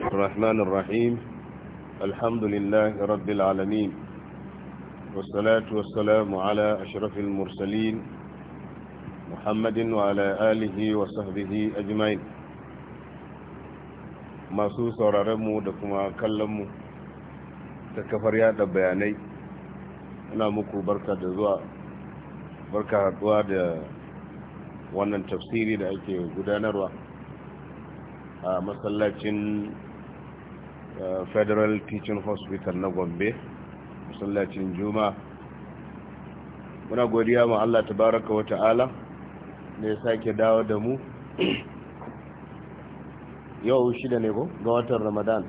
الرحمن الرحيم الحمد لله رب العالمين والصلاة والسلام على أشرف المرسلين محمد وعلى آله وصحبه أجمعين ما سوس ورمو دكما كلمو تكفريات بياني أنا مكو بركة دواء بركة دواء wannan tafsiri da ake gudanarwa a masallacin federal teaching hospital na gombe masallacin juma muna godiya ma allah tabaraka wa ta'ala da ya sake dawo da mu yau shida ne ko ga watan ramadan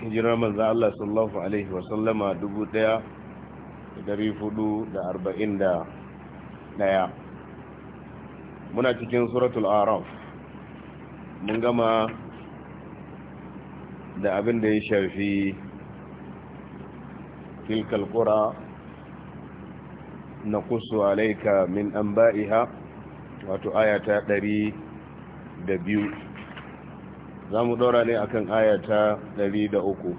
hijirar manzan allah sallallahu alaihi wasallama 1441 muna cikin suratul araf mun gama da abin da ya shafi tilkal na kusu alaika min an anba'iha wato ayata Za mu dora ne a akan ayata uku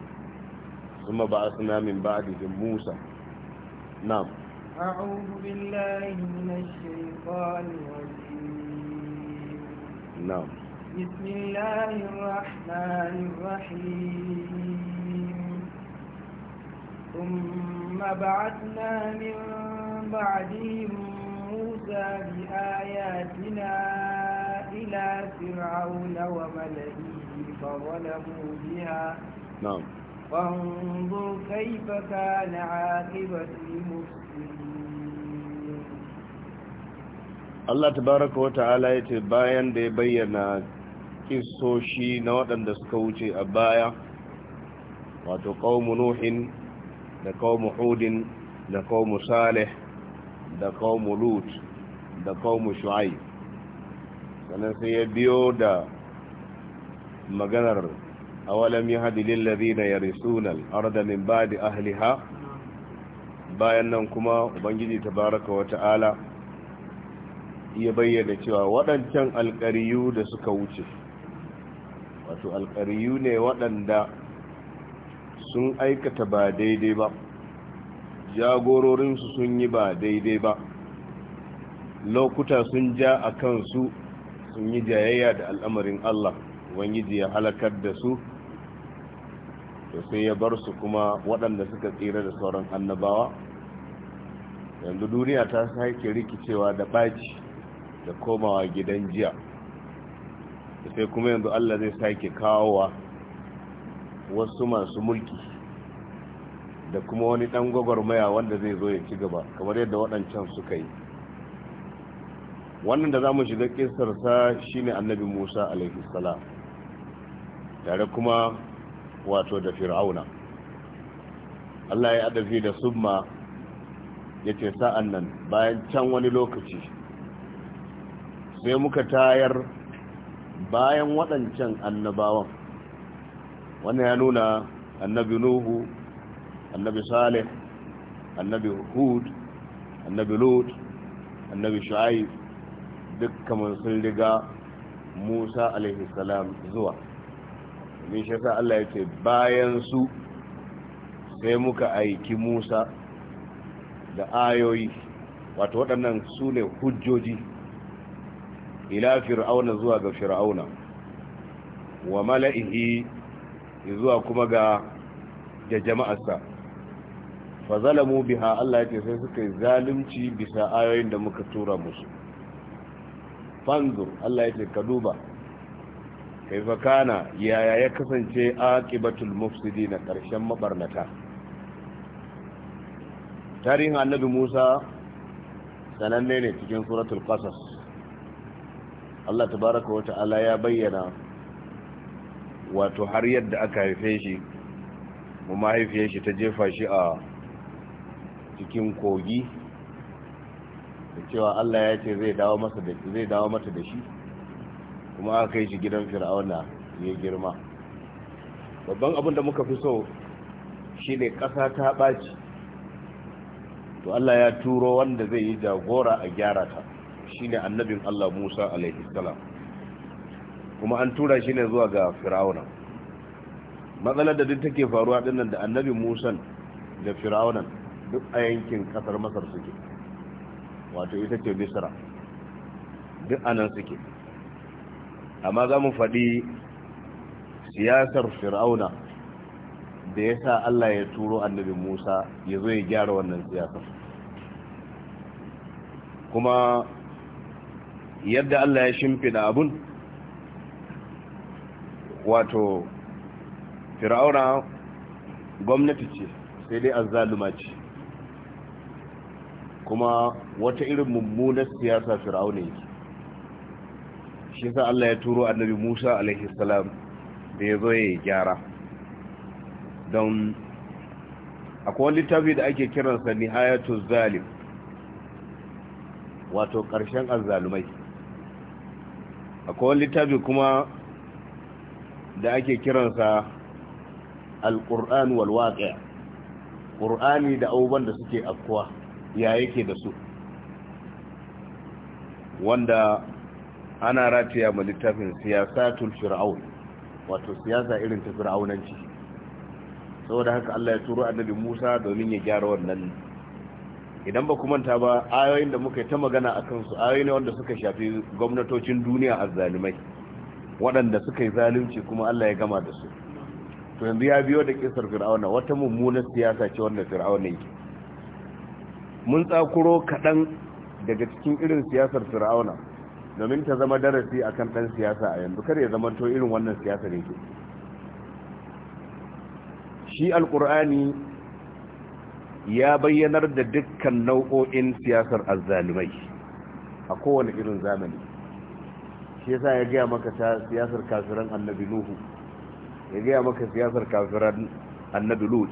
kuma suna min ba a jikin Musa Na أعوذ بالله من الشيطان الرجيم نعم بسم الله الرحمن الرحيم ثم بعثنا من بعدهم موسى بآياتنا إلى فرعون وملئه فظلموا بها نعم فانظر كيف كان عاقبة المفسدين Allah tabaraka wa ta'ala ya ce bayan da ya bayyana kisoshi na waɗanda suka wuce a baya wato qaumu nuhin da qaumu hudin da qaumu salih da qaumu lut da qaumu shu'aib sannan sai ya biyo da maganar awalam yahdi lil ladina yarisuna al-arda min ba'di ahliha bayan nan kuma ubangiji tabaraka wa ta'ala ya bayyana cewa waɗancan alƙariyu da suka wuce wato alƙariyu ne waɗanda sun aikata ba daidai ba jagororinsu sun yi ba daidai ba lokuta sun ja a kansu sun yi jayayya da al'amarin Allah wangiji ya halakar da su da sai ya bar su kuma waɗanda suka tsira da sauran annabawa yanzu duniya ta sake rikicewa da ɓaci da komawa gidan jiya sai kuma yanzu Allah zai sake wa wasu masu mulki da kuma wani dan gwagwarmaya wanda zai zo ya ci gaba kamar yadda waɗancan suka yi wannan da za mu shiga shi ne annabi musa alaihissalam tare kuma wato da fir'auna Allah ya adafi da summa ya ce sa'an nan bayan can wani lokaci sai muka tayar bayan waɗancan annabawan wannan ya nuna annabi nuhu annabi salih annabi hud annabi lut annabi shu'aib dukkan sun riga musa alaihi zuwa min shi sa Allah ya ce bayan su sai muka aiki musa da ayoyi wato waɗannan su ne hujjoji ila fir'auna zuwa ga fir'auna wa mala'ihi zuwa kuma ga da jama'arsa fa zalamu biha Allah ya ce sai suka yi zalunci bisa ayoyin da muka tura musu fanzu Allah ya ce ka duba kaifa kana yaya ya kasance aqibatul na karshen mabarnata tarihin annabi Musa sananne ne cikin suratul qasas Allah ta baraka wa ta'ala ya bayyana wato har yadda aka haife shi mu mahaifiyar shi ta jefa shi a cikin kogi da cewa Allah ya ce zai dawo masa da zai dawo mata da shi kuma aka kai shi gidan Fir'auna ya girma babban abin da muka fi so shine ƙasa ta ɓaci to Allah ya turo wanda zai yi jagora a gyara ta shine annabin Allah Musa alaihi salam kuma an tura shi ne zuwa ga fir'auna matsalar da duk take faruwa dinnan da annabi Musa da fir'auna duk a yankin kasar Masar suke wato ita ce Misra duk anan suke amma za mu faɗi siyasar fir'auna da ya sa Allah ya turo annabi Musa ya zo ya gyara wannan siyasar kuma yadda Allah ya shimfida abun wato fir'auna gwamnati ce sai dai azzaluma ce kuma wata irin mummunar siyasa fir'auna yake shi sa Allah ya turo annabi Musa alaihi salam da ya zo ya gyara don akwai littafi da ake kiransa nihayatul zalim wato ƙarshen azzalumai akwai wani littafi kuma da ake kiransa Alƙur'ani walwaƙiya ƙur'ani da abubuwan da suke akwa ya yake da su wanda ana rataya ma littafin siyasatul fir'aun wato siyasa irin ta fir'aunanci saboda haka Allah ya turo annabi Musa domin ya gyara wannan idan ba ku manta ba ayoyin da muka yi ta magana a kansu ayoyi ne wanda suka shafi gwamnatocin duniya a zalimai waɗanda suka yi zalunci kuma Allah ya gama da su to yanzu ya biyo da kisar fir'auna wata mummunar siyasa ce wanda fir'auna yake mun tsakuro kaɗan daga cikin irin siyasar fir'auna domin ta zama darasi akan ɗan siyasa a yanzu kar ya zama to irin wannan siyasar yake shi alƙur'ani ya bayyanar da dukkan nau'o'in siyasar azzalumai a kowane irin zamani shi yasa ya gaya maka ta siyasar kafiran annabi nuhu ya gaya maka siyasar kafiran annabi lut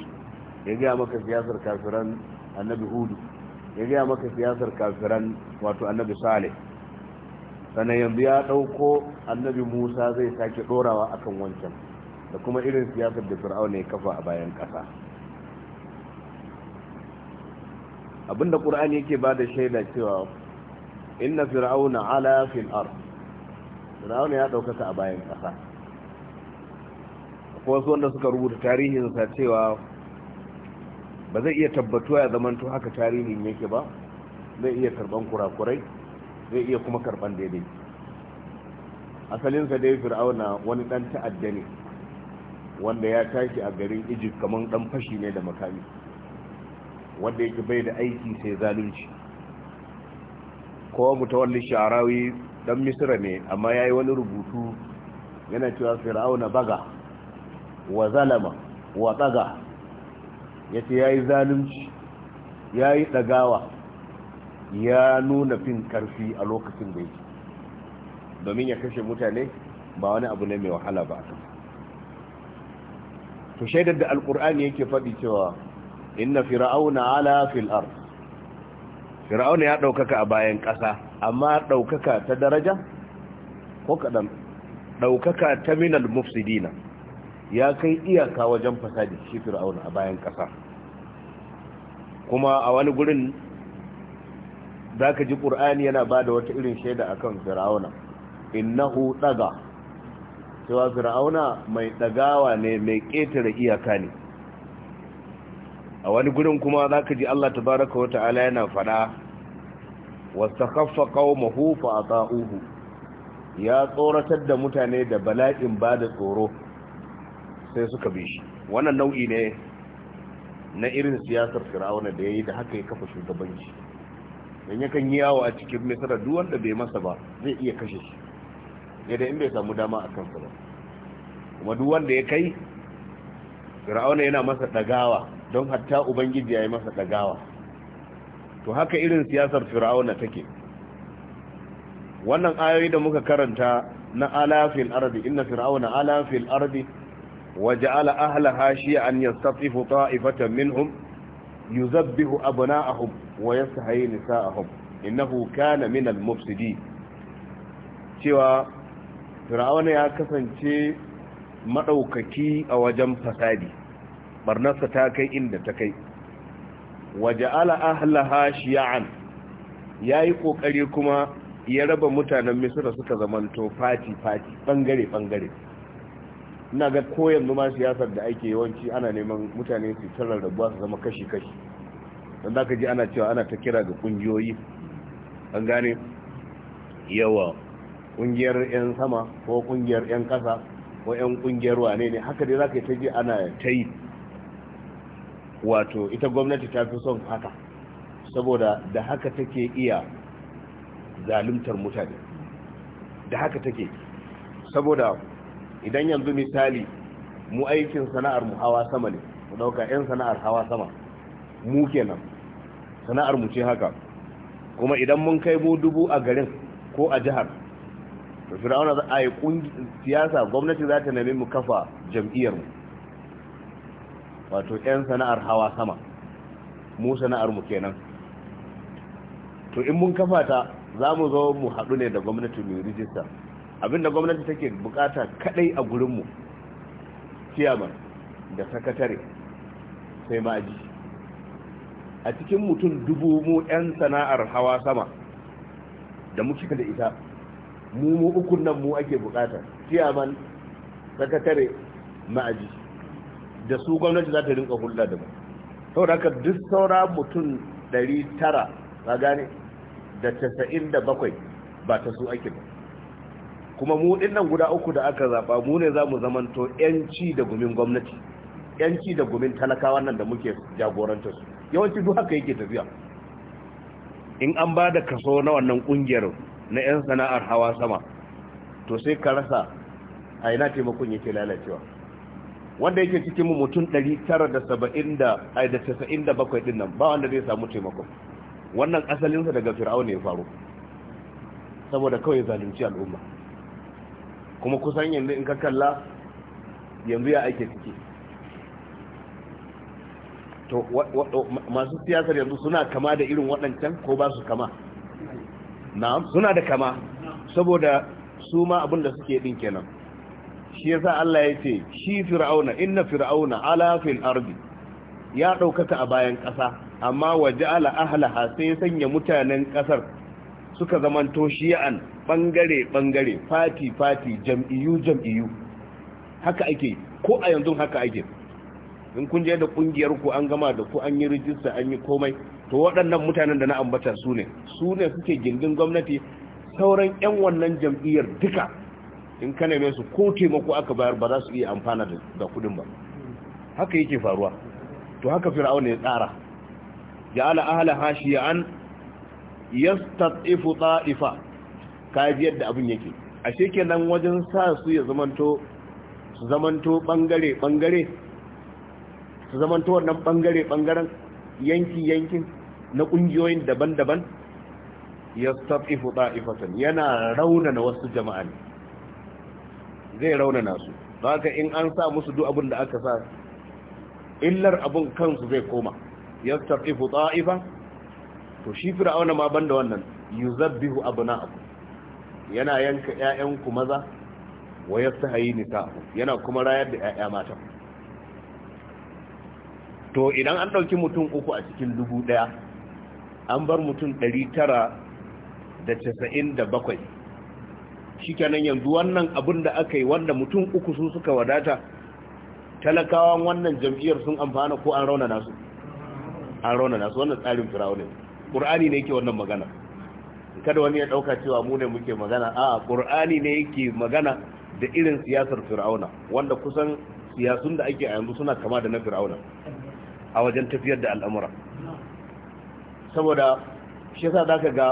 ya gaya maka siyasar kafiran annabi hudu ya gaya maka siyasar kafiran wato annabi salih sannan yanzu ya ɗauko annabi musa zai sake ɗorawa akan wancan da kuma irin siyasar da fir'auna ya kafa a bayan ƙasa abinda qur'ani yake ba da shaida cewa inna fir'auna ala fil ard fir'auna ya ɗaukaka a bayan kasa akwai wasu wanda suka rubuta tarihin sa cewa ba zai iya tabbatuwa ya to haka tarihin yake ba zai iya karban kurakurai zai iya kuma karban daidai asalinsa dai fir'auna wani dan ta'adda ne wanda ya tashi a garin egypt kaman dan fashi ne da makami wanda yake bai da aiki sai zalunci kowa mutawalli sharawi dan misira ne amma ya yi wani rubutu yana cewa fir'auna baga wa zalama wa tsaga ya ce ya yi zalunci ya yi ɗagawa ya nuna fin karfi a lokacin da yake domin ya kashe mutane ba wani abu ne mai wahala ba to shaidar da alkur'ani yake faɗi cewa inna fir'auna ala fil ard fir'auna ya daukaka a bayan kasa amma daukaka ta daraja ko kadan daukaka ta minal mufsidina ya kai iyaka wajen fasadi shi fir'auna a bayan kasa kuma a wani gurin zaka ji qur'ani yana bada wata irin shaida akan fir'auna innahu daga cewa fir'auna mai dagawa ne mai ƙetare iyaka ne a wani gudun kuma za ka ji Allah tabaraka wa ta'ala yana fada wasu kafa kawo fa ta'uhu ya tsoratar da mutane da bala'in ba da tsoro sai suka bi shi wannan nau'i ne na irin siyasar Firawuna da ya yi da haka ya kafa shugabanci Don yakan yi yawo a cikin misra duk wanda bai masa ba zai iya kashe shi da in bai samu dama a kansa ba kuma duk wanda ya kai Firawuna yana masa dagawa don hatta ubangiji ya yi masa ɗagawa to haka irin siyasar fir'auna take wannan ayoyi da muka karanta na alafil ardi inna fir'auna alafil ardi وجعل أهلها شيعا يستطيف طائفة منهم يذبه أبناءهم ويستحيي نساءهم إنه كان من المفسدين cewa fir'auna ya kasance maɗaukaki a wajen fasadi barnarsa ta kai inda ta kai waje ala ahlaha shiya'an ya yi ƙoƙari kuma ya raba mutanen misira suka zamanto fati-fati ɓangare-ɓangare ina ga koyan ma siyasar da ake yawanci ana neman mutane su tarar rabuwa su zama kashi-kashi don za ji ana cewa ana ta kira ga ƙungiyoyi an gane yawa ƙungiyar 'yan sama ko ƙungiyar 'yan ƙasa ko 'yan ƙungiyar wane ne haka dai za ka yi ta ji ana ta yi wato ita gwamnati ta fi son haka saboda da haka take iya zalimtar mutane da haka take saboda idan yanzu misali mu aikin sana'ar mu hawa sama ne mu dauka 'yan sana'ar hawa sama mu kenan sana'ar mu ce haka kuma idan mun kai mu dubu a garin ko a jihar to Firawuna za a yi siyasa gwamnati za ta nemi mu kafa jam'iyyar mu wato 'yan sana'ar hawa sama mu sana'ar mu kenan to in mun kafa ta za mu zo mu haɗu ne da gwamnati mai rijista abinda gwamnati take bukata kadai a gurinmu ciyaman da sakatare sai ma'aji a cikin mutum dubu mu 'yan sana'ar hawa sama da mu cika da ita mu mu ukun nan mu ake bukata ciyaman sakatare ma'aji da su gwamnati za ta rinka hulɗa da mu saboda haka duk saura mutum 900 ka gane da 97 ba ta su ake ba kuma mu nan guda uku da aka zaɓa mu ne zamu zamanto yanci da gumin gwamnati yanci da gumin talakawa nan da muke jagoranta su yawanci duk haka yake tafiya in an ba da kaso na wannan ƙungiyar na 'yan sana'ar hawa sama to sai ka rasa a ina taimakon yake lalacewa wanda yake cikin mu mutum 997 din nan ba wanda zai samu taimako wannan asalinsa daga fir'auna ya faru saboda kawai zalunci al'umma kuma kusan yanzu in ka kalla yanzu ya aike ciki to masu siyasar yanzu suna kama da irin waɗancan ko ba su kama na suna da kama saboda su ma abinda da suke ɗin kenan shi yasa Allah ya ce shi fir'auna inna fir'auna ala fil ardi ya ɗaukaka a bayan kasa amma waje ala ahlaha sai sanya mutanen kasar suka zamanto shi'an bangare bangare fati fati jam'iyu-jam'iyu. haka ake ko a yanzu haka ake in kun je da kungiyar ku an gama da ku an yi rijista an yi komai to waɗannan mutanen da na ambata su ne su ne suke gindin gwamnati sauran 'yan wannan jam'iyyar duka in ka neme su ko taimako aka bayar ba za su iya amfana da kudin ba haka yake faruwa to haka fir'auna ya tsara ja'ala ahla hashiyan yastatifu ta'ifa kaji yadda abin yake ashe kenan wajen sa su ya zamanto su zamanto bangare bangare su zamanto wannan bangare bangaren yanki yankin na kungiyoyin daban-daban yastatifu ta'ifatan yana raunana wasu jama'a ne zai raunana su haka in an sa musu duk abin da aka sa illar abin kansu zai koma yastafifu ifa. to shi fir'auna ma banda wannan Yi na abu yana yanka 'ya'yanku maza wa yastahayi nisa'u yana kuma rayar da 'ya'ya mata to idan an ɗauki mutum uku a cikin dubu ɗaya, an bar mutum ɗari tara da da casa'in bakwai. shikenan yanzu wannan abin da aka yi wanda mutum uku su suka wadata talakawan wannan jam'iyyar sun amfana ko an raunana su an raunana su wannan tsarin firawo ne ƙur'ani ne yake wannan magana kada wani ya ɗauka cewa mu ne muke magana a ƙur'ani ne yake magana da irin siyasar fir'auna wanda kusan siyasun da ake a yanzu suna kama da na fir'auna a wajen tafiyar da al'amura saboda shi yasa zaka ga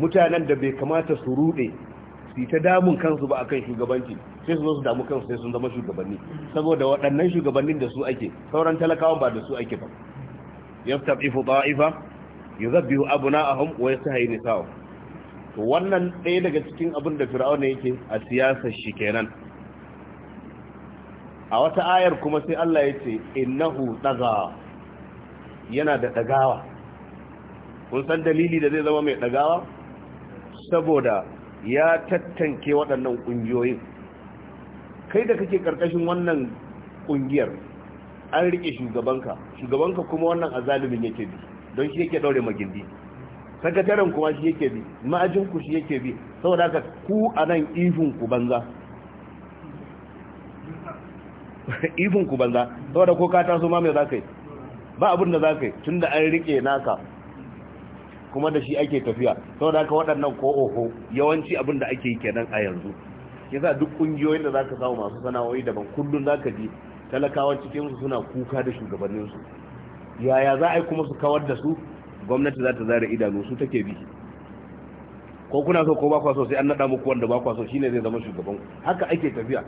mutanen da bai kamata su rude su ta damun kansu ba akan shugabanci sai su zo su damu kansu sai sun zama shugabanni saboda waɗannan shugabannin da su ake sauran talakawan ba da su ake ba yastabifu ta'ifa yuzabbihu abna'ahum wa yastahyi nisa'ahum to wannan ɗaya daga cikin abin da fir'auna yake a siyasar shi kenan a wata ayar kuma sai Allah ya ce innahu daga yana da dagawa kun san dalili da zai zama mai dagawa saboda ya tattanke waɗannan ƙungiyoyin kai da kake ƙarƙashin wannan ƙungiyar an riƙe shugabanka shugabanka kuma wannan azalimin yake bi don shi yake ɗaure magindi sakataren kuma shi yake bi ma'ajinku shi yake bi saboda haka ku a nan ihunku banza ihunku banza saboda ko ka taso ma mai za ka yi ba abin da za ka yi tun da an riƙe naka kuma da shi ake tafiya sau da aka waɗannan ko yawanci abin da ake yi kenan a yanzu yasa duk ƙungiyoyin da za ka samu masu sana'o'i daban kullun zaka ji talakawa cikin suna kuka da shugabanninsu yaya za a yi kuma su kawar da su gwamnati za ta zara idanu su take bi ko kuna so ko ba kwa sai an naɗa muku wanda ba kwa so shine zai zama shugaban haka ake tafiya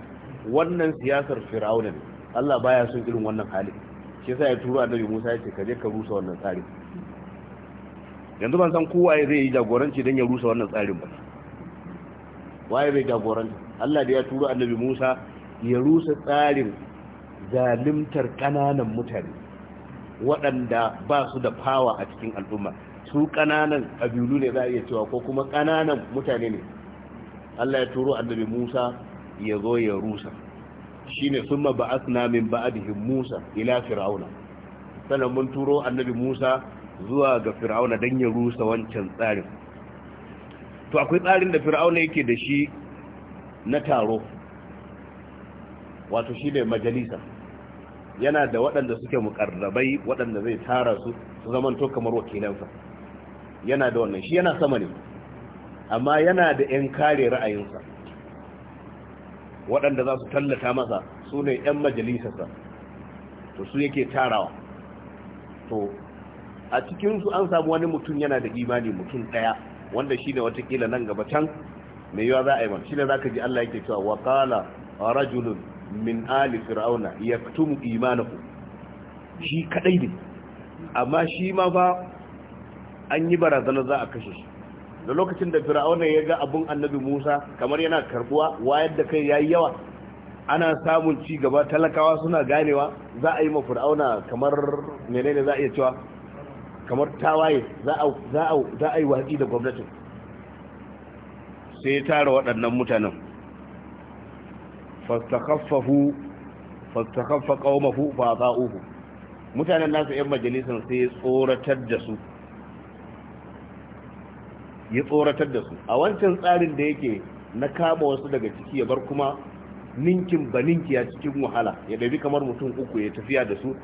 wannan siyasar firawunan Allah baya son irin wannan hali shi yasa ya turo annabi Musa ya ce ka je ka rusa wannan tsari yanzu ban san kowa ya zai yi jagoranci don ya rusa wannan tsarin ba waye bai jagoranci Allah da ya turo annabi Musa ya rusa tsarin zalimtar kananan mutane waɗanda ba su da fawa a cikin al'umma su kananan kabilu ne za a iya cewa ko kuma kananan mutane ne Allah ya turo annabi Musa ya zo ya rusa shine summa ba'athna min ba'dihim Musa ila fir'auna sannan mun turo annabi Musa zuwa ga fir'auna don ya rusa wancan tsarin to akwai tsarin da fir'auna yake da shi na taro wato shi ne majalisa yana da waɗanda suke mukarrabai waɗanda zai tara su su zama to kamar wakilansa yana da wannan shi yana sama ne amma yana da 'yan kare ra'ayinsa waɗanda za su tallata masa su ne 'yan majalisarsa to su yake tarawa to a cikinsu an samu wani mutum yana da imani mutum ɗaya wanda shi ne watakila nan gaba can mai yawa za a yi shi ne za ka ji Allah yake cewa wa qala rajulun min ali fir'auna yaktumu imanahu shi kadai ne amma shi ma ba an yi barazana za a kashe shi da lokacin da fir'auna ya ga abun annabi Musa kamar yana karbuwa wayar da kai yayi yawa ana samun ci gaba talakawa suna ganewa za a yi ma fir'auna kamar menene za a iya cewa kamar tawaye za a yi watsi da gwamnati sai ya tara waɗannan mutanen fastakaffa qaumahu fa ata'uhu mutanen nasu yan majalisar sai tsoratar da su ya tsoratar da su a wancan tsarin da yake na kama wasu daga ciki ya bar kuma ninkin baninki a cikin wahala ya dabi kamar mutum uku ya tafiya da su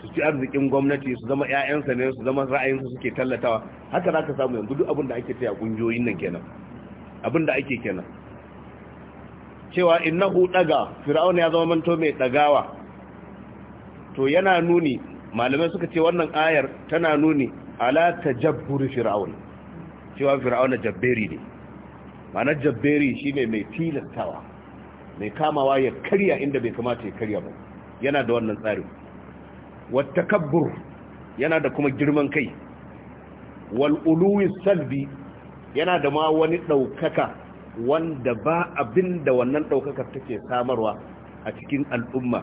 su ci arzikin gwamnati su zama 'ya'yansa ne su zama ra'ayinsu suke tallatawa haka za ka samu yanzu duk abin da ake taya kungiyoyin nan kenan abin da ake kenan cewa innahu daga fir'auna ya zama manto mai dagawa to yana nuni malamai suka ce wannan ayar tana nuni ala tajabburi Firaun. cewa fir'auna jabberi ne ma'ana jabberi shine mai tilastawa mai kamawa ya karya inda bai kamata ya karya ba yana da wannan tsarin والتكبر yana da kuma girman kai wal uluwi salbi yana da ma wani daukaka wanda ba abin da wannan daukaka take samarwa a cikin al'umma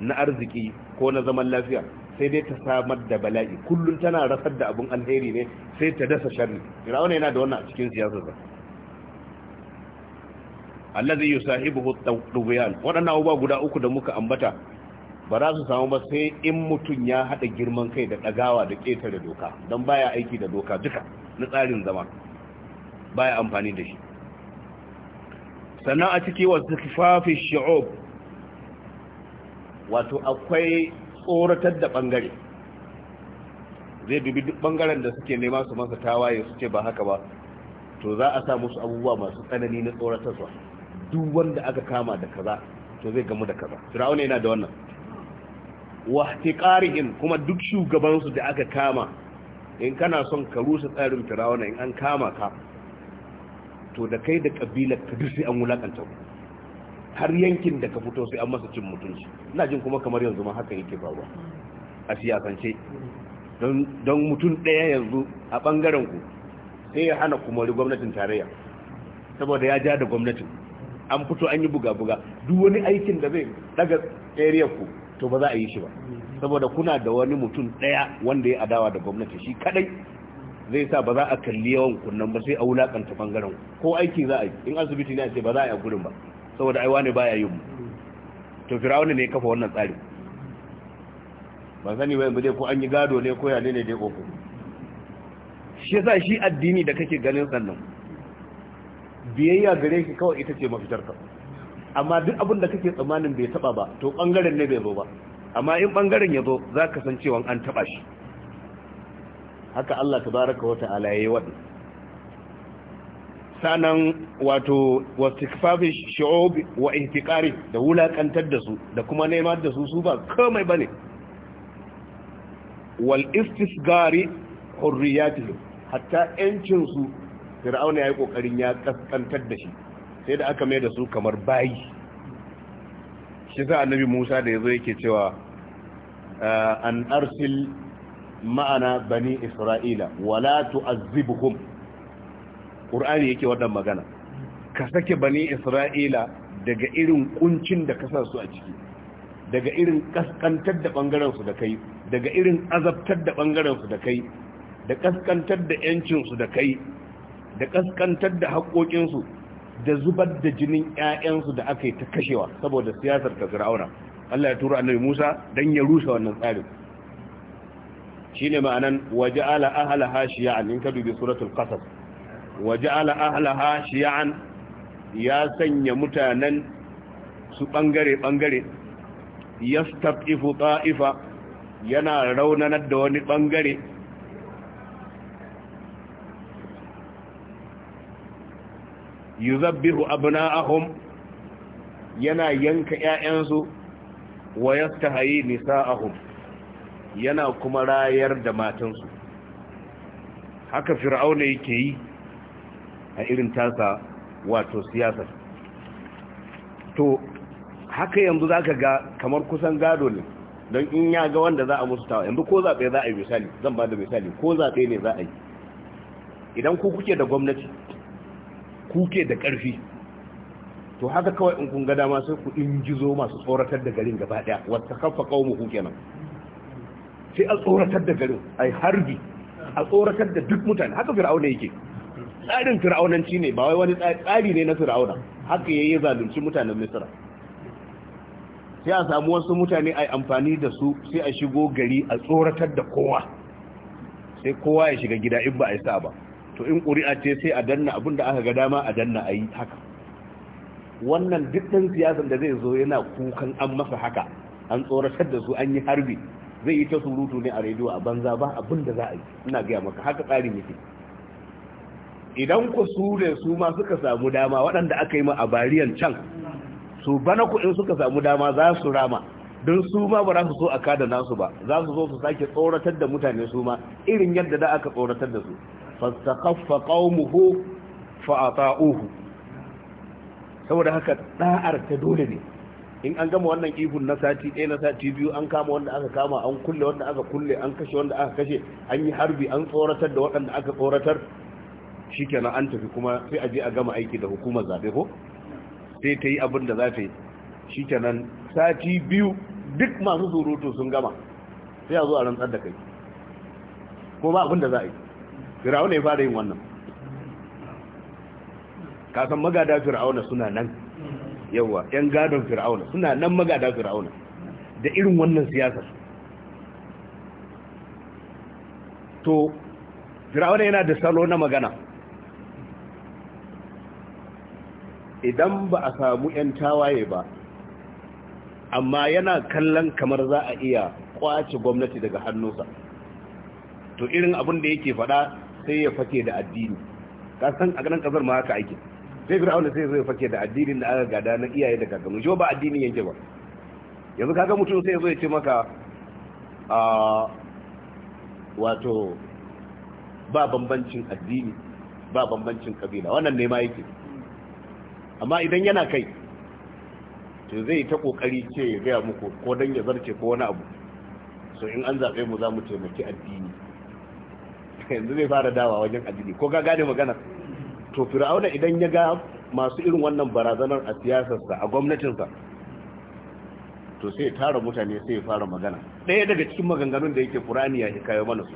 na arziki ko na zaman lafiya sai dai ta samar da bala'i kullum tana rasar da abin alheri ne sai ta dasa sharri wani yana da wannan a cikin sa allazi yusahibuhu Waɗannan wadannan abubuwa guda uku da muka ambata ba za su samu ba sai in mutum ya haɗa girman kai da ɗagawa da ƙetare doka don baya aiki da doka duka na tsarin zama baya amfani da shi sannan a ciki wasu kifafi shi'ob wato akwai tsoratar da ɓangare zai dubi duk ɓangaren da suke nema su masa tawaye su ce ba haka ba to za a sa musu abubuwa masu tsanani na tsoratarwa duk wanda aka kama da kaza to zai gamu da kaza yana da wannan wa ihtiqarihim kuma duk shugabansu da aka kama in kana son ka rusa tsarin firawuna in an kama ka to da kai da kabilar ka duk sai an wulakanta ku har yankin da ka fito sai an masa cin mutunci ina jin kuma kamar yanzu ma haka yake faruwa a siyasance don mutum ɗaya yanzu a bangaren ku sai ya hana kumari gwamnatin tarayya saboda ya ja da gwamnatin an fito an yi buga-buga duk wani aikin da zai daga area ku to ba za a yi shi ba saboda kuna da wani mutum ɗaya wanda ya adawa da gwamnati shi kadai zai sa ba za a kalli yawan kunnan ba sai a wulakanta bangaren ko aiki za a yi in asibiti ne a ce ba za a yi a gurin ba saboda aiwa ne baya yin mu to firawuna ne ya kafa wannan tsari ba sani ba dai ko an yi gado ne ko yane ne dai ko shi yasa shi addini da kake ganin sannan biyayya gare shi kawai ita ce mafitarka amma duk abin da kake tsammanin bai taba ba to bangaren ne bai zo ba amma in bangaren ya zo za ka san cewa an taba shi haka Allah ta baraka wa ta'ala yi wannan sanan wato wastikfafi shu'ub wa ihtiqari da wulakantar da su da kuma neman da su su ba komai bane wal istisgari hurriyatihim hatta yancin su fir'auna yi kokarin ya kaskantar da shi sai da aka mai da su kamar bayi shi za annabi musa da ya zo yake cewa ah, an arsil ma'ana bani isra'ila wala tu'azzibuhum qur'ani yake wannan magana ka sake bani isra'ila daga irin kuncin da ka su a ciki daga irin kaskantar da bangaren su da kai daga irin azabtar da bangaren su da kai da kaskantar da yancin su da kai da kaskantar da haƙoƙin su da zubar da jinin ƴaƴansu da aka yi ta kashewa saboda siyasar ta fir'auna Allah ya tura annabi Musa dan ya rusa wannan tsarin shine ma'anan waja'ala ahlaha shiya'an in ka dubi suratul qasas waja'ala ahlaha shiya'an ya sanya mutanen su bangare bangare yastaqifu ta'ifa yana raunanar da wani bangare yuzabbihu abna'ahum yana yanka ƴaƴansu wa yastahi nisa'ahum yana kuma rayar da matansu haka fir'auna yake yi a irin tasa wato siyasar to haka yanzu zaka ga kamar kusan gado ne don in ya ga wanda za a musu tawa yanzu ko zaɓe za a yi misali zan ba da misali ko zaɓe ne za a yi idan ku kuke da gwamnati kuke da ƙarfi to haka kawai in kun ga dama sai ku ingizo masu tsoratar da garin gaba daya wata kafa kuke kenan sai a tsoratar da garin ai harbi a tsoratar da duk mutane haka fir'auna yake tsarin fir'aunanci ne ba wai wani tsari ne na fir'auna haka yayi zalunci mutanen misira sai a samu wasu mutane ai amfani da su sai a shigo gari a tsoratar da kowa sai kowa ya shiga gida in ba a yi sa ba to in ƙuri'a ce sai a danna abin da aka ga dama a danna a yi haka wannan duk ɗan siyasan da zai zo yana kukan an masa haka an tsoratar da su an yi harbi zai yi ta surutu ne a rediyo a banza ba abin da za a yi ina gaya maka haka tsari yake. idan ku su ne su ma suka samu dama waɗanda aka yi ma a bariyan can su bana kuɗin suka samu dama za su rama don su ma ba za su so a kada nasu ba za su zo su sake tsoratar da mutane su ma irin yadda da aka tsoratar da su fastakaffa qaumuhu fa ata'uhu saboda haka da'ar ta dole ne in an gama wannan ihun na sati ɗaya na sati biyu an kama wanda aka kama an kulle wanda aka kulle an kashe wanda aka kashe an yi harbi an tsoratar da waɗanda aka tsoratar shikenan an tafi kuma sai a je a gama aiki da hukumar zaɓe ko sai ta yi abin da za ta yi shikenan sati biyu duk masu surutu sun gama sai a zo a rantsar da kai ko ba abin da za a yi fir'auna ya fara yin wannan kasan magada fir'auna suna nan yawa yan gadon fir'auna suna nan magada fir'auna da irin wannan siyasar to fir'auna yana da salo na magana idan ba a samu 'yan tawaye ba amma yana kallon kamar za a iya kwace gwamnati daga hannunsa to irin abin da yake fada sai ya fake da addini ka san a ganin kasar ma haka aiki sai fir'auna sai zai fake da addinin da aka gada na iyaye da kakanni shi ba addinin yanke ba yanzu kaga mutum sai zo ya ce maka a wato ba bambancin addini ba bambancin kabila wannan ne ma yake amma idan yana kai to zai ta kokari ce ya gaya muku ko dan ya zarce ko wani abu so in an zaɓe mu za mu taimaki addini yanzu zai fara dawa wajen addini ko ga gane magana to fir'auna idan ya ga masu irin wannan barazanar a siyasarsa a gwamnatinsa to sai tara mutane sai fara magana ɗaya daga cikin maganganun da yake qur'ani ya hikaye mana su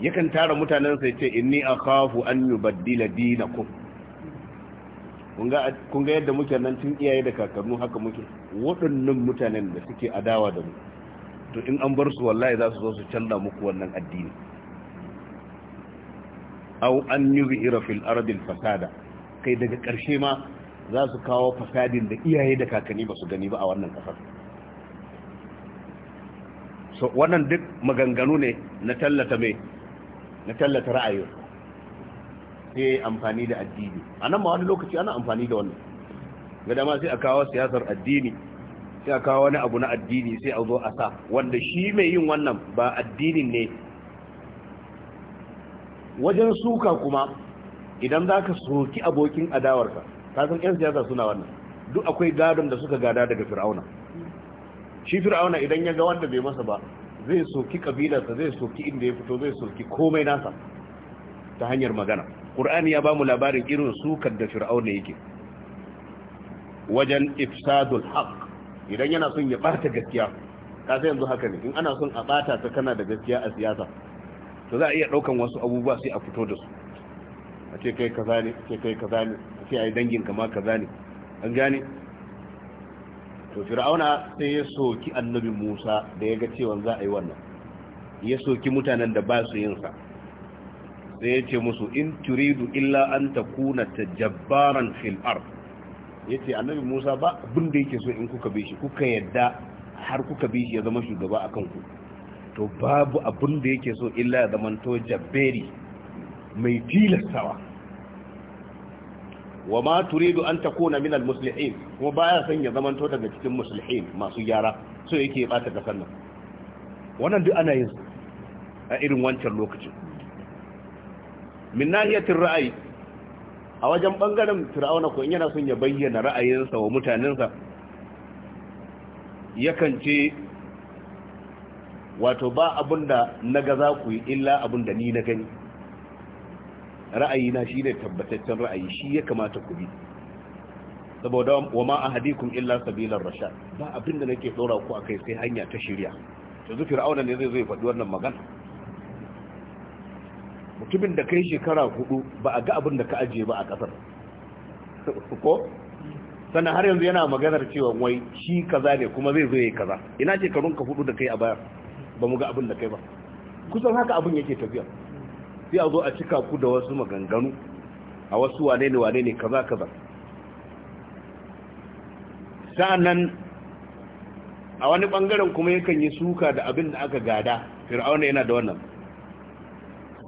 yakan tara mutanen sai ce inni akhafu an yubaddila dinakum kun ga yadda muke nan tun iyaye da kakannu haka muke waɗannan mutanen da suke adawa da mu to in an bar su wallahi za su zo su canza muku wannan addini au an yuzhira fil ardi fasada kai daga ƙarshe ma za su kawo fasadin da iyaye da kakanni ba su gani ba a wannan ƙasar so wannan duk maganganu ne na tallata mai na tallata ra'ayi sai amfani da addini a nan ma wani lokaci ana amfani da wannan ga dama sai a kawo siyasar addini sai kawo wani abu na addini sai a zo a sa wanda shi mai yin wannan ba addinin ne wajen suka kuma idan za ka soki abokin adawarka kasan 'yan siyasa suna wannan duk akwai gadon da suka gada daga fir'auna shi fir'auna idan ya ga wanda bai masa ba zai soki kabilarsa zai soki inda ya fito zai soki komai nasa ta hanyar magana ƙur'ani ya ba mu labarin irin sukan da fir'auna yake wajen ifsadul haqq idan yana son ya bata gaskiya ka sai yanzu haka ne in ana son a bata ta kana da gaskiya a siyasa to za a iya ɗaukan wasu abubuwa sai a fito da su a ce kai kaza ne a ce kai kaza ne a ce ai dangin kama kaza ne an gane to fir'auna sai ya soki annabi Musa da ya ga cewa za a yi wannan ya soki mutanen da ba su yin sa sai ya ce musu in turidu illa an takuna tajabbaran fil ard ya ce annabi musa ba abin da yake so in kuka bi kuka yadda har kuka bi shi ya zama shugaba a kanku to babu abin da yake so illa ya zama to jabberi mai tilastawa wa ma turidu an takuna min almuslihin kuma baya son ya zama to daga cikin muslihin masu gyara so yake ya bata kasar nan wannan duk ana yin a irin wancan lokacin min nahiyatin ra'ayi a wajen bangaren fir'auna ko yana son ya bayyana ra'ayinsa wa mutanensa yakan ce wato ba abin da na ga za ku yi illa abin da ni na gani ra'ayina shi ne tabbataccen ra'ayi shi ya kamata ku bi saboda wa ma ahadikum illa sabilar rashad, ba abin da nake tsora ku akai sai hanya ta shirya yanzu fir'auna ne zai zo faɗi wannan magana mutumin da kai shekara hudu ba a ga abin da ka ajiye ba a kasar ko sana har yanzu yana maganar cewa wai shi kaza ne kuma zai zo yayi kaza ina karun ka hudu da kai a baya ba mu ga abin da kai ba kusan haka abin yake tafiya sai a zo a cika ku da wasu maganganu a wasu wane ne wane ne kaza kaza sa'annan a wani bangaren kuma yakan yi suka da abin da aka gada fir'auna yana da wannan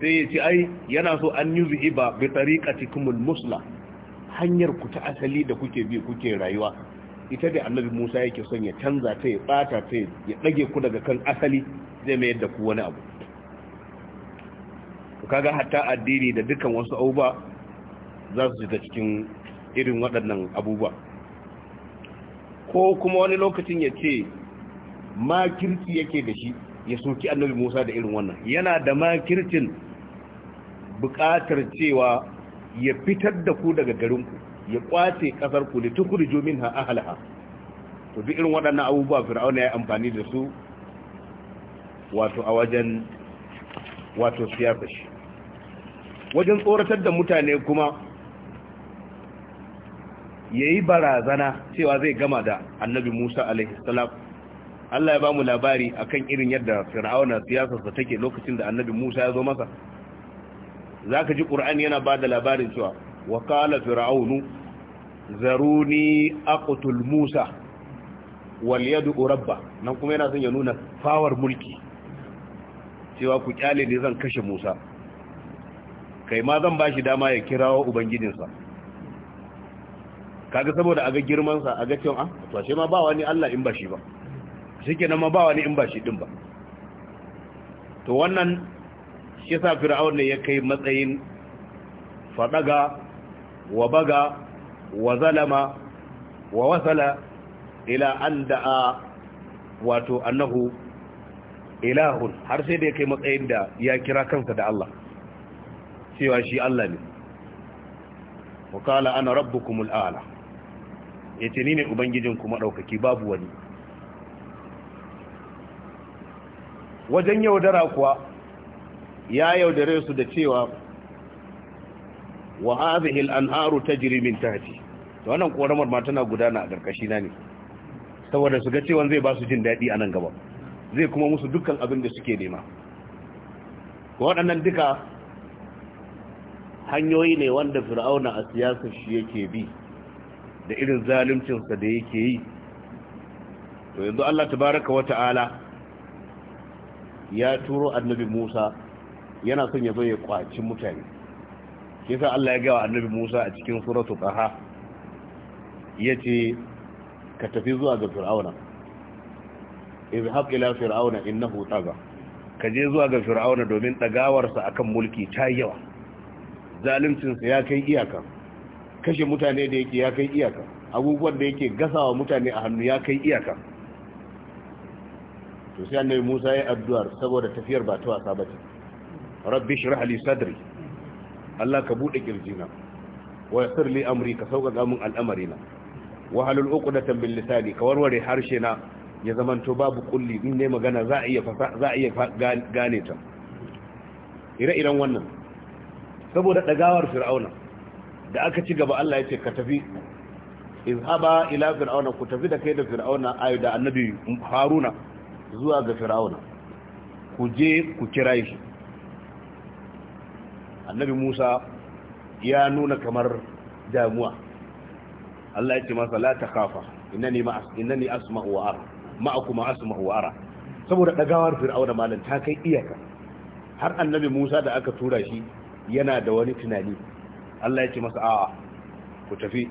sai ya ce ai yana so an yi ba bi tariqatikumul musla hanyar ku ta asali da kuke bi kuke rayuwa ita da annabi Musa yake son ya canza ta ya bata ta ya dage ku daga kan asali zai mayar da ku wani abu to kaga hatta addini da dukkan wasu abubuwa za su shiga cikin irin waɗannan abubuwa ko kuma wani lokacin ya ce makirci yake da shi ya soki annabi Musa da irin wannan yana da makircin Bukatar cewa ya fitar da ku daga garinku ya kwace ƙasar ku da jomin ha ahlaha to duk irin waɗannan abubuwa fir'auna ya amfani da su wato a wajen wato siyasa shi wajen tsoratar da mutane kuma ya yi barazana cewa zai gama da annabi musa alaihissalam allah ya ba mu labari akan irin yadda fir'auna siyasarsa take lokacin da annabi musa ya zo masa Za ka ji qur'ani yana ba da labarin cewa Wakala fir'aunu zaruni aqtul musa wal yad'u rabba nan kuma yana son ya nuna fawar mulki cewa ku kyale ne zan kashe musa kai ma zan bashi dama ya kirawo ubangijinsa kaga saboda aga girmansa aga cewa ah to ashe ma ba wani Allah in ba shi ba shikenan ma ba wani in ba shi din ba to wannan shi fir'aun ne ya kai matsayin faɗaga wa baga wa zalama wa wasala ila an da'a wato annahu ilahun har sai da ya kai matsayin da ya kira kansa da Allah cewa shi Allah ne wa kala ana rabbukumul a'la yace ni ne ubangijinku madaukaki babu wani wajen yaudara kuwa ya yaudare su da cewa wa hadhihi al-anharu tajri min tahti to wannan koramar ma tana gudana a karkashi na ne saboda su ga cewa zai ba su jin dadi anan gaba zai kuma musu dukkan abin da suke nema waɗannan duka hanyoyi ne wanda fir'auna a siyasar shi yake bi da irin zaluncinsa da yake yi to yanzu Allah tabaaraka wa ta'ala ya turo annabi Musa yana son ya zo ya kwaci mutane shi sa Allah ya gawa annabi Musa a cikin suratu qaha yace ka tafi zuwa ga Fir'auna izhab ila fir'auna innahu taga ka je zuwa ga fir'auna domin sa akan mulki ta yawa sa ya kai iyaka kashe mutane da yake ya kai iyaka abubuwan da yake gasawa mutane a hannu ya kai iyaka to sai annabi Musa ya yi addu'ar saboda tafiyar ba ta wasa bace rabbi shirah li sadri Allah ka bude kirjina wa yassir li amri ka sauƙaƙa min al'amarina wa halul uqdatan bil lisani ka warware harshe na ya zamanto babu kulli din ne magana za a iya za a iya gane ta ire-iren wannan saboda dagawar fir'auna da aka ci gaba Allah ya ce ka tafi izhaba ila fir'auna ku tafi da kai da fir'auna ayu da annabi haruna zuwa ga fir'auna ku je ku kira shi annabi musa ya nuna kamar damuwa Allah ya ce masa la ta kafa innani ma innani asma'u wa ara ma'akuma asma'u wa ara saboda dagawar fir'auna malam ta kai iyaka har annabi Musa da aka tura shi yana da wani tunani Allah ya ce masa a'a ku tafi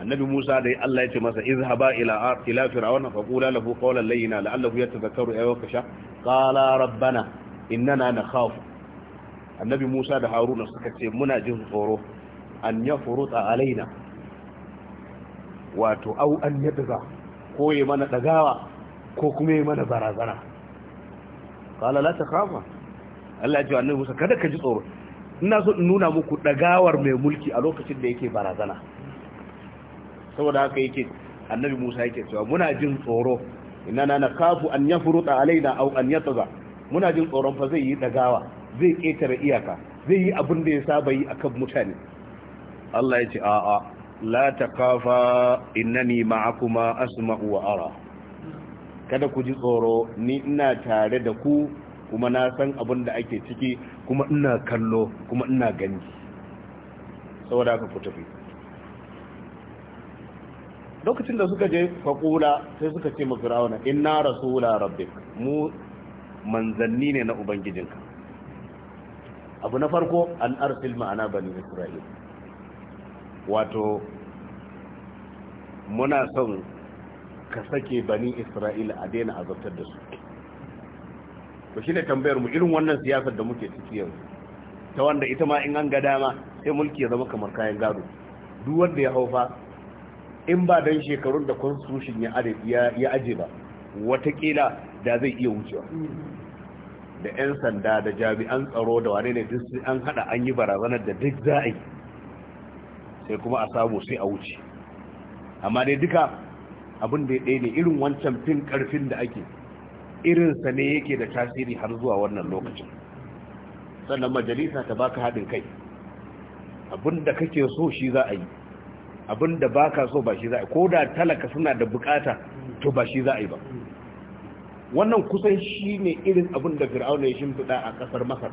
annabi Musa da Allah ya ce masa izhaba ila ila fir'auna fa qula lahu qawlan layyina la'allahu yatadhakkaru ka sha. Ƙala rabbana innana khafu annabi Musa da Haruna suka ce muna jin tsoro an ya furuta alaina wato au an daga ko yi mana dagawa ko kuma yi mana barazana kala la khafa Allah ya ji annabi Musa kada ka ji tsoro ina so in nuna muku dagawar mai mulki a lokacin da yake barazana saboda haka yake annabi Musa yake cewa muna jin tsoro inna na kafu an ya furuta alaina au an yatza muna jin tsoron fa zai yi dagawa zai ƙetare iyaka zai yi abin da ya saba yi akan mutane Allah ya ce a'a la takafa innani ma'akuma asma'u wa ara kada ku ji tsoro ni ina tare da ku kuma na san abin da ake ciki kuma ina kallo kuma ina gani saboda ka ku tafi lokacin da suka je faƙula sai suka ce ma firawuna inna rasula rabbi mu manzanni ne na ubangijinka abu na farko an arsil ma'ana bani isra'il wato muna son ka sake bani isra'il a daina azabtar da su to shine tambayar mu irin wannan siyasar da muke ciki yanzu ta wanda ita ma in an ga dama sai mulki ya zama kamar kayan gado duk wanda ya haufa in ba dan shekarun da constitution ya ya aje ba watakila da zai iya wucewa da 'yan sanda da jami'an tsaro da wane ne duk an hada an yi barazanar da duk za'i sai kuma a samu sai a wuce amma dai duka abin da ya ɗaya ne irin wancan fin ƙarfin da ake irinsa ne yake da tasiri har zuwa wannan lokacin sannan majalisa ta baka haɗin kai abin da kake so shi za a yi abin da baka so ba shi za a yi ko da talaka suna da bukata to ba shi za a yi ba wannan kusan shi ne irin abin da fir'aun ya shimfiɗa a ƙasar masar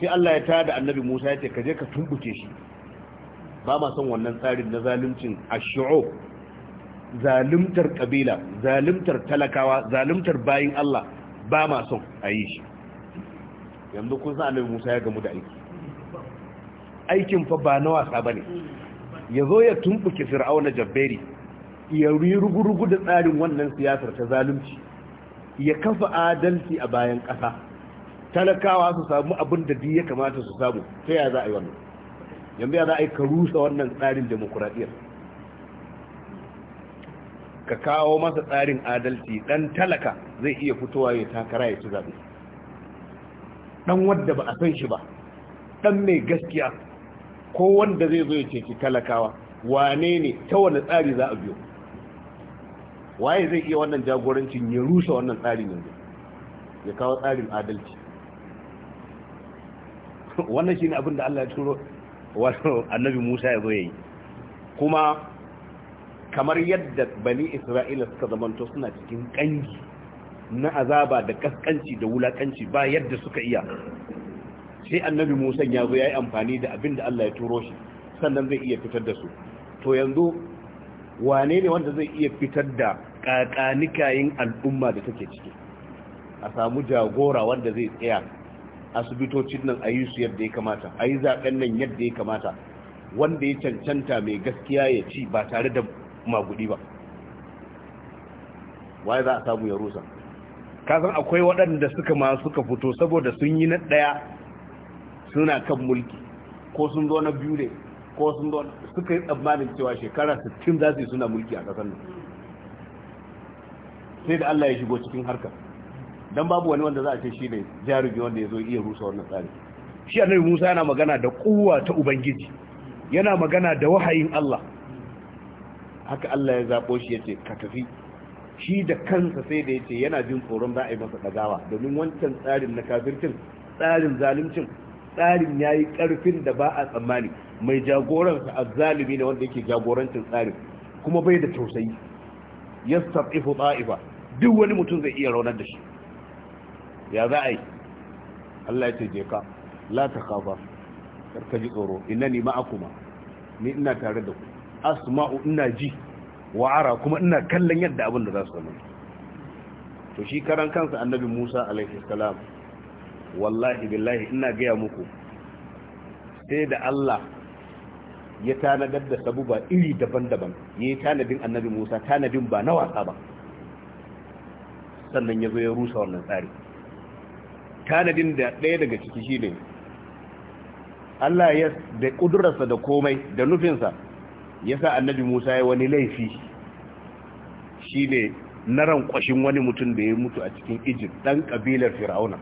sai allah ya tada annabi musa ya ce ka je ka tumbuke shi ba ma son wannan tsarin na zaluncin ashi'o zaluntar kabila zaluntar talakawa zaluntar bayin allah ba ma son a yi shi yanzu kun san annabi musa ya gamu da aiki aikin fa ba na wasa ba ne ya zo ya tumbuke fir'aun jabberi ya rugu da tsarin wannan siyasar ta zalunci ya kafa adalci a bayan ƙasa talakawa su samu abin da ya kamata su samu ta ya za a yi wannan yanzu ya za a yi ka wannan tsarin demokuraɗiyar ka kawo masa tsarin adalci ɗan talaka zai iya fitowa ya takara ya ci zaɓe ɗan wadda ba a san shi ba ɗan mai gaskiya ko wanda zai zo ya ceci talakawa wane ne ta wani tsari za a biyo waye zai iya wannan jagorancin ya rusa wannan tsarin yanzu ya kawo tsarin adalci wannan shine abin da Allah ya turo wato annabi Musa ya zo yayi kuma kamar yadda bani Isra'ila suka zamanto suna cikin kangi na azaba da kaskanci da wulakanci ba yadda suka iya sai annabi Musa ya zo yayi amfani da abin da Allah ya turo shi sannan zai iya fitar da su to yanzu wane ne wanda zai iya fitar da kakanikayin al'umma da take ciki a samu jagora wanda zai tsaya asibitocin nan a yi su yadda ya kamata a yi zaben nan yadda ya kamata wanda ya cancanta mai gaskiya ya ci ba tare da magudi ba waye za a samu ya rusa san akwai waɗanda suka ma suka fito saboda sun yi na ɗaya suna kan mulki ko sun zo na biyu ne ko sun zo suka yi tsammanin cewa shekara 60 za su yi suna mulki a ƙasar nan sai da Allah ya shigo cikin harkar dan babu wani wanda za a ce shi ne jarumi wanda ya zo iya rusa wannan tsari shi annabi Musa yana magana da kuwa ta ubangiji yana magana da wahayin Allah haka Allah ya zabo shi yace ka tafi shi da kansa sai da ya ce yana jin tsoron za a yi masa dagawa domin wancan tsarin na kafircin tsarin zaluncin tsarin yayi karfin da ba a tsammani mai jagoransa azzalimi ne wanda yake jagorancin tsarin kuma bai da tausayi yastaqifu ta'ifa duk wani mutum zai iya raunar da shi ya za a yi Allah ya ce je ka ta karka ji tsoro ina a ma'akuma ni ina tare da ku asma'u ina ji wa'ara kuma ina kallon yadda abin da za su zama to shi karan kansa annabi musa alaihi salam wallahi billahi ina gaya muku sai da Allah ya tanadar da sabuba iri daban-daban ya yi tanadin annabi musa tanadin ba na wasa ba sannan ya zo ya rusa wannan tsari tanadin da ɗaya daga ciki shi ne Allah ya da ƙudurarsa da komai da nufinsa ya sa annabi Musa ya wani laifi shi ne na rankwashin wani mutum da ya mutu a cikin Egypt ɗan ƙabilar Fir'auna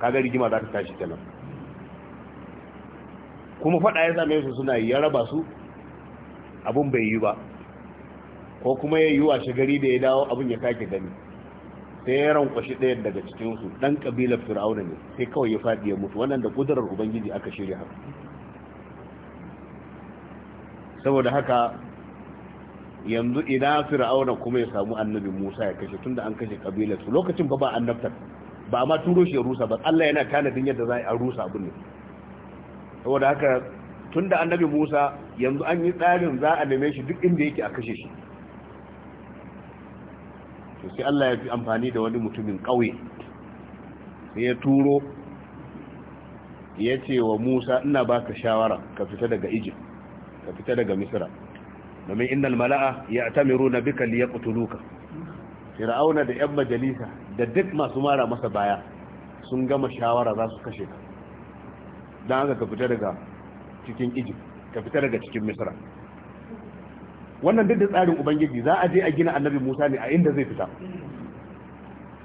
kaga rigima za ta tashi kenan kuma faɗa ya same su suna ya raba su abin bai yi ba ko kuma ya yi wa gari da ya dawo abin ya sake gani sai ya ɗaya daga cikinsu ɗan ƙabilar fir'auna ne sai kawai ya faɗi ya mutu wannan da ƙudurar ubangiji aka shirya haka saboda haka yanzu idan fir'auna kuma ya samu annabi musa ya kashe tunda an kashe ƙabilar su lokacin ba ba annabtar ba ma turo shi ya rusa ba allah yana tanadin yadda za a rusa abin ne saboda haka tunda annabi musa yanzu an yi tsarin za a neme shi duk inda yake a kashe shi to sai Allah ya fi amfani da wani mutumin ƙauye sai ya turo ya ce wa Musa ina baka shawara ka fita daga Egypt ka fita daga Misra domin innal mala'a ya'tamiruna bika liyaqtuluka Fir'auna da 'yan majalisa da duk masu mara masa baya sun gama shawara za su kashe ka dan haka ka fita daga cikin Egypt ka fita daga cikin Misra wannan duk da tsarin ubangiji za a je a gina annabi musa ne a inda zai fita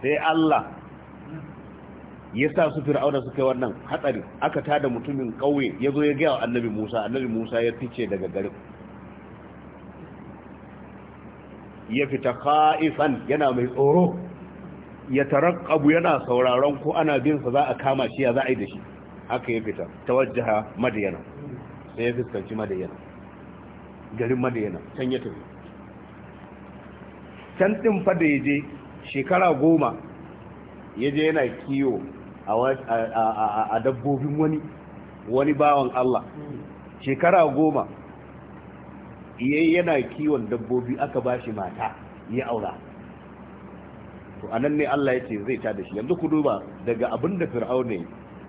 sai allah ya sa su fir'auna suka yi wannan hatsari aka ta da mutumin ƙauye ya zo ya gaya wa annabi musa annabi musa ya fice daga garin ya fita ka'ifan yana mai tsoro ya tarakkabu yana sauraron ko ana bin sa za a kama shi ya za a yi da shi haka ya fita tawajjaha madiyana sai ya fuskanci madiyana garin madina can ya tafi can ɗin fada da ya je shekara goma ya je yana kiyo a dabbobin wani wani bawan Allah shekara goma iya yana kiwon dabbobi aka ba shi mata ya aura to anan ne Allah ya ce zai ta da shi yanzu ku duba daga abin da ne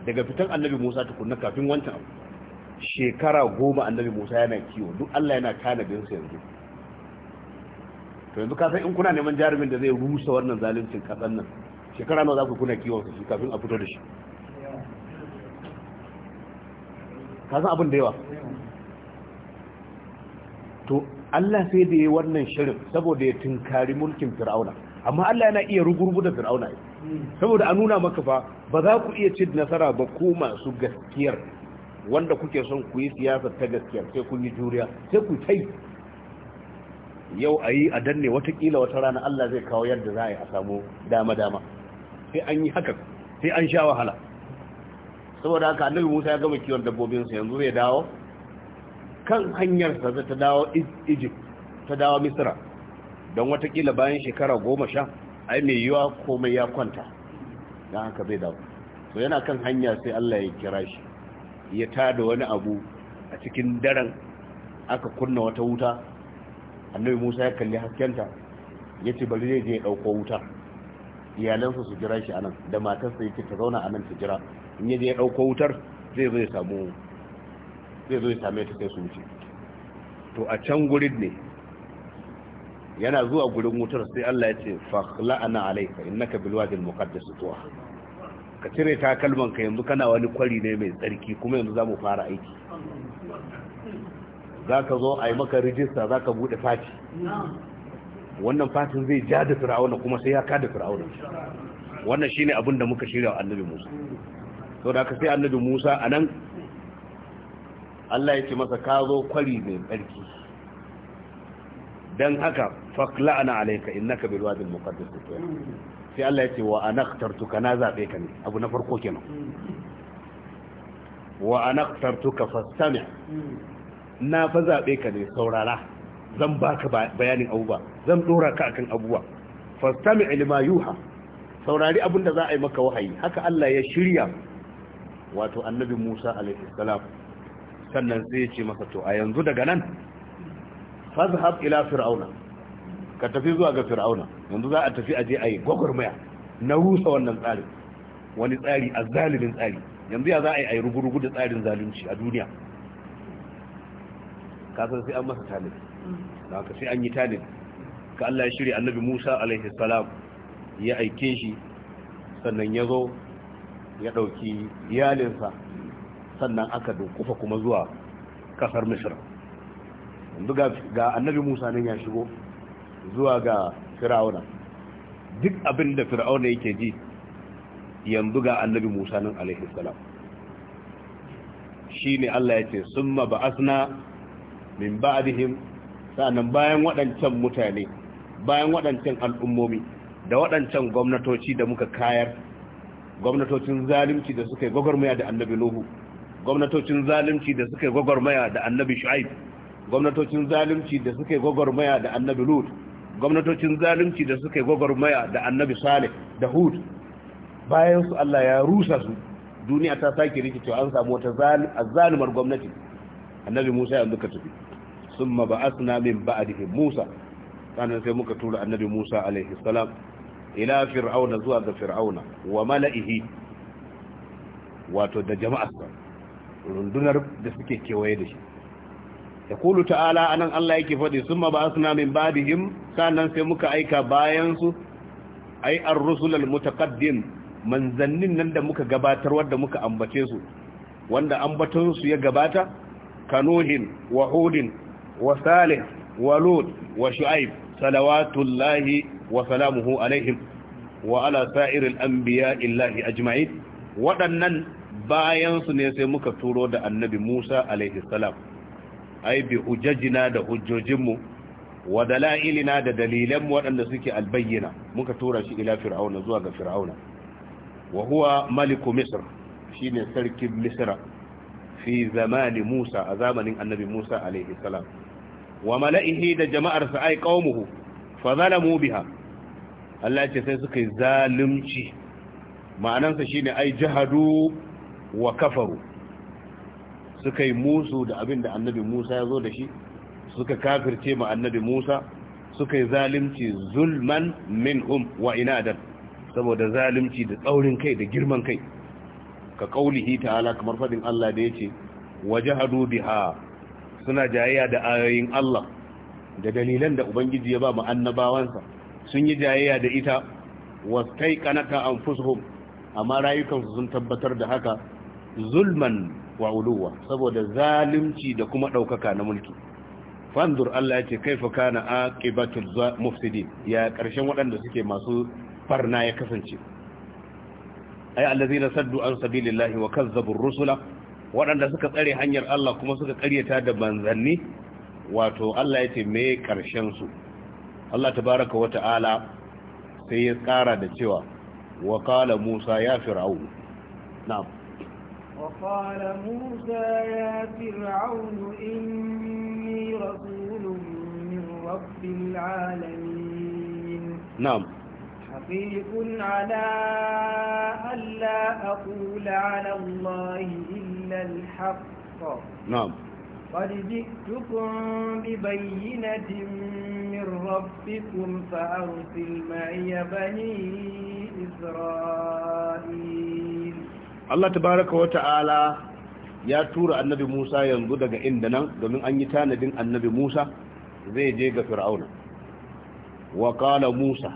daga fitan annabi musa tukunna kafin wancan abu shekara goma annabi musa yana kiwo duk allah yana tanadin sa yanzu to yanzu ka san in kuna neman jarumin da zai rusa wannan zaluncin kasan nan shekara nawa za ku kuna kiwon sa shi kafin a fito da shi ka san abin da yawa to allah sai da ya wannan shirin saboda ya tunkari mulkin fir'auna amma allah yana iya rugurgu da fir'auna saboda a nuna maka fa ba za ku iya cin nasara ba ko masu gaskiyar wanda kuke son ku yi siyasa ta gaskiya sai kun yi juriya sai ku tai yau a yi a danne watakila wata rana Allah zai kawo yadda za a yi a samu dama-dama sai an yi haka sai an sha wahala saboda haka annabi Musa ya gama kiwon dabbobinsa yanzu zai dawo kan hanyarsa ta dawo Egypt ta dawo Misra don watakila bayan shekara goma sha ai mai yiwa komai ya kwanta don haka zai dawo to yana kan hanya sai Allah ya kira shi ya tada wani abu a cikin daren aka kunna wata wuta annabi musa ya kalli haskenta ya ce bari zai je ya ɗauko wuta iyalansa su jira shi anan da matarsa yake ta zauna anan ta jira in ya je ya ɗauko wutar zai zo ya samu zai zo ya same ta sai su wuce to a can gurin ne yana zuwa gurin wutar sai Allah ya ce fa la'ana alayka innaka bil wadi muqaddas tuwa ka cire takalman ka yanzu kana wani kwari ne mai tsarki kuma yanzu za mu fara aiki za ka zo a yi maka rijista za ka buɗe fati wannan fatin zai ja da fir'auna kuma sai ya ka da fir'auna wannan shine abin da muka shirya wa annabi Musa to da ka sai annabi Musa anan Allah ya ce masa ka zo kwari mai tsarki dan haka fakla'na alayka innaka bil wadi al muqaddas sai Allah ya ce wa ana akhtartuka na zabe ka ne abu na farko kenan wa ana fastami na fa zabe ka ne saurara zan baka bayanin abubuwa zan dora ka akan abubuwa fastami lima yuha saurari abin da za a yi maka wahayi haka Allah ya shirya wato annabi Musa alaihi salam sannan sai ya ce masa to a yanzu daga nan fazhab ila fir'auna ka tafi zuwa ga fir'auna yanzu za a tafi a je a yi gwagwarmaya na rusa wannan tsarin wani tsari a zalimin tsari yanzu ya za a yi a yi da tsarin zalunci a duniya kasar sai an masa talib da haka sai an yi talib ka Allah ya shirya annabi Musa alaihi salam ya aike shi sannan ya zo ya ɗauki iyalinsa sannan aka dokufa kuma zuwa kasar misir ga annabi Musa nan ya shigo zuwa ga fir'auna duk abin da fir'auna yake ji yanzu ga annabi musa nan alaihi salam shi ne allah ya ce sun ba'asna min ba'adihim sa'annan bayan waɗancan mutane bayan waɗancan al'ummomi da waɗancan gwamnatoci da muka kayar gwamnatocin zalimci da suka yi gwagwarmaya da annabi nuhu gwamnatocin zalimci da suka yi gwagwarmaya da annabi shu'aib gwamnatocin zalimci da suka yi gwagwarmaya da annabi lut gwamnatocin zalunci da suka yi gwagwarmaya da annabi salih da hud bayan su Allah ya rusa su duniya ta sake cewa an samu wata zalumar gwamnati annabi musa ya muka tafi sun maba'asna min ba'adihi musa sannan sai muka tura annabi musa alaihi salam ila fir'auna zuwa ga fir'auna wa mala'ihi wato da jama'a rundunar da suke kewaye da shi yakulu ta'ala anan Allah yake faɗi sun ma ba su na min badihim sai muka aika bayan su an rusulal mutaqaddim manzannin nan da muka gabatar wanda muka ambace su wanda su ya gabata kanuhin wa hudin wa salih wa lut wa shu'aib salawatullahi wa salamuhu alaihim wa ala sa'iril anbiya illahi ajma'in waɗannan bayansu ne sai muka turo da annabi Musa alaihi salam ai bi hujjajina da hujjojinmu wa dala'ilina da dalilanmu waɗanda suke albayyana muka tura shi ila fir'auna zuwa ga fir'auna wa huwa maliku misr shine sarkin misra fi zamani musa a zamanin annabi musa alaihi salam wa mala'ihi da jama'arsa ai qaumuhu fa zalamu biha Allah ce sai suka yi zalunci ma'anansa shine ai jahadu wa kafaru suka yi musu da abin da annabi musa ya zo da shi suka kafirce ma annabi musa suka yi zalimci zulman Um wa inadan saboda zalimci da tsaurin kai da girman kai ka kaulihi ta'ala kamar fadin Allah da yace wajahadu biha suna jayayya da ayoyin Allah da dalilan da ubangiji ya ba mu annabawansa sun yi jayayya da ita wastaiqanaka anfusuhum amma rayukansu sun tabbatar da haka zulman wa uluwa saboda zalunci da kuma ɗaukaka na mulki fandur Allah ya ce kaifa kana aqibatul mufsidin ya ƙarshen waɗanda suke masu farna ya kasance ay allazina saddu an sabilillahi wa kazzabur rusula waɗanda suka tsare hanyar Allah kuma suka ƙaryata da manzanni wato Allah ya ce me ƙarshen su Allah tabaraka wa ta'ala sai ya tsara da cewa wa qala Musa ya fir'aun na'am وقال موسى يا فرعون إني رسول من رب العالمين نعم حقيق على ألا أقول على الله إلا الحق نعم قد جئتكم ببينة من ربكم فأرسل معي بني إسرائيل Allah tabaraka wa ta'ala ya tura annabi Musa yanzu daga inda nan domin an yi tanadin annabi Musa zai je ga Fir'auna wa qala Musa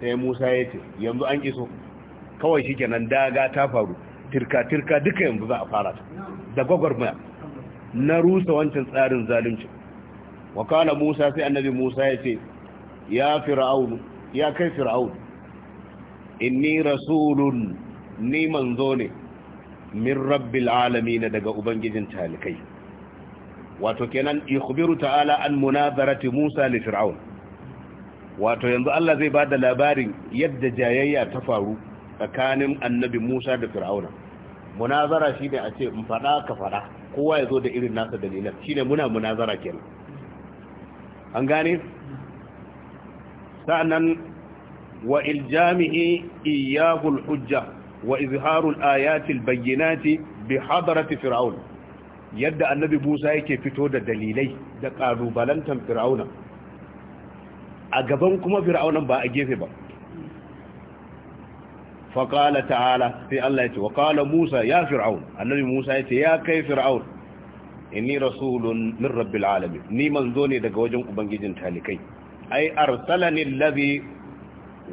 sai Musa ya ce yanzu an iso kawai shi nan, daga ta faru tirka tirka duka yanzu za a fara ta da gwagwarmaya na rusa wancan tsarin zalunci wa qala Musa sai annabi Musa ya ce ya Fir'auna ya kai Fir'auna inni rasulun ni manzo ne min rabbil na daga ubangijin talikai wato kenan ikhbiru ta'ala an munazarati Musa li Fir'aun wato yanzu Allah zai ba da labarin yadda jayayya ta faru tsakanin annabi Musa da Fir'auna munazara ne a ce in faɗa ka faɗa. kowa ya zo da irin nasa dalilan ne muna munazara kenan an gane sa'annan wa iljamihi iyahu hujja wa izharul ayatil bayyinati bi hadarati fir'aun yadda annabi Musa yake fito da dalilai da kalubalantan fir'auna a gaban kuma fir'aunan ba a gefe ba faƙala ta'ala sai Allah ya ce wa Musa ya fir'aun annabi Musa ya ce ya kai fir'aun inni rasulun min rabbil alamin ni manzo ne daga wajen ubangijin talikai ai arsalani allazi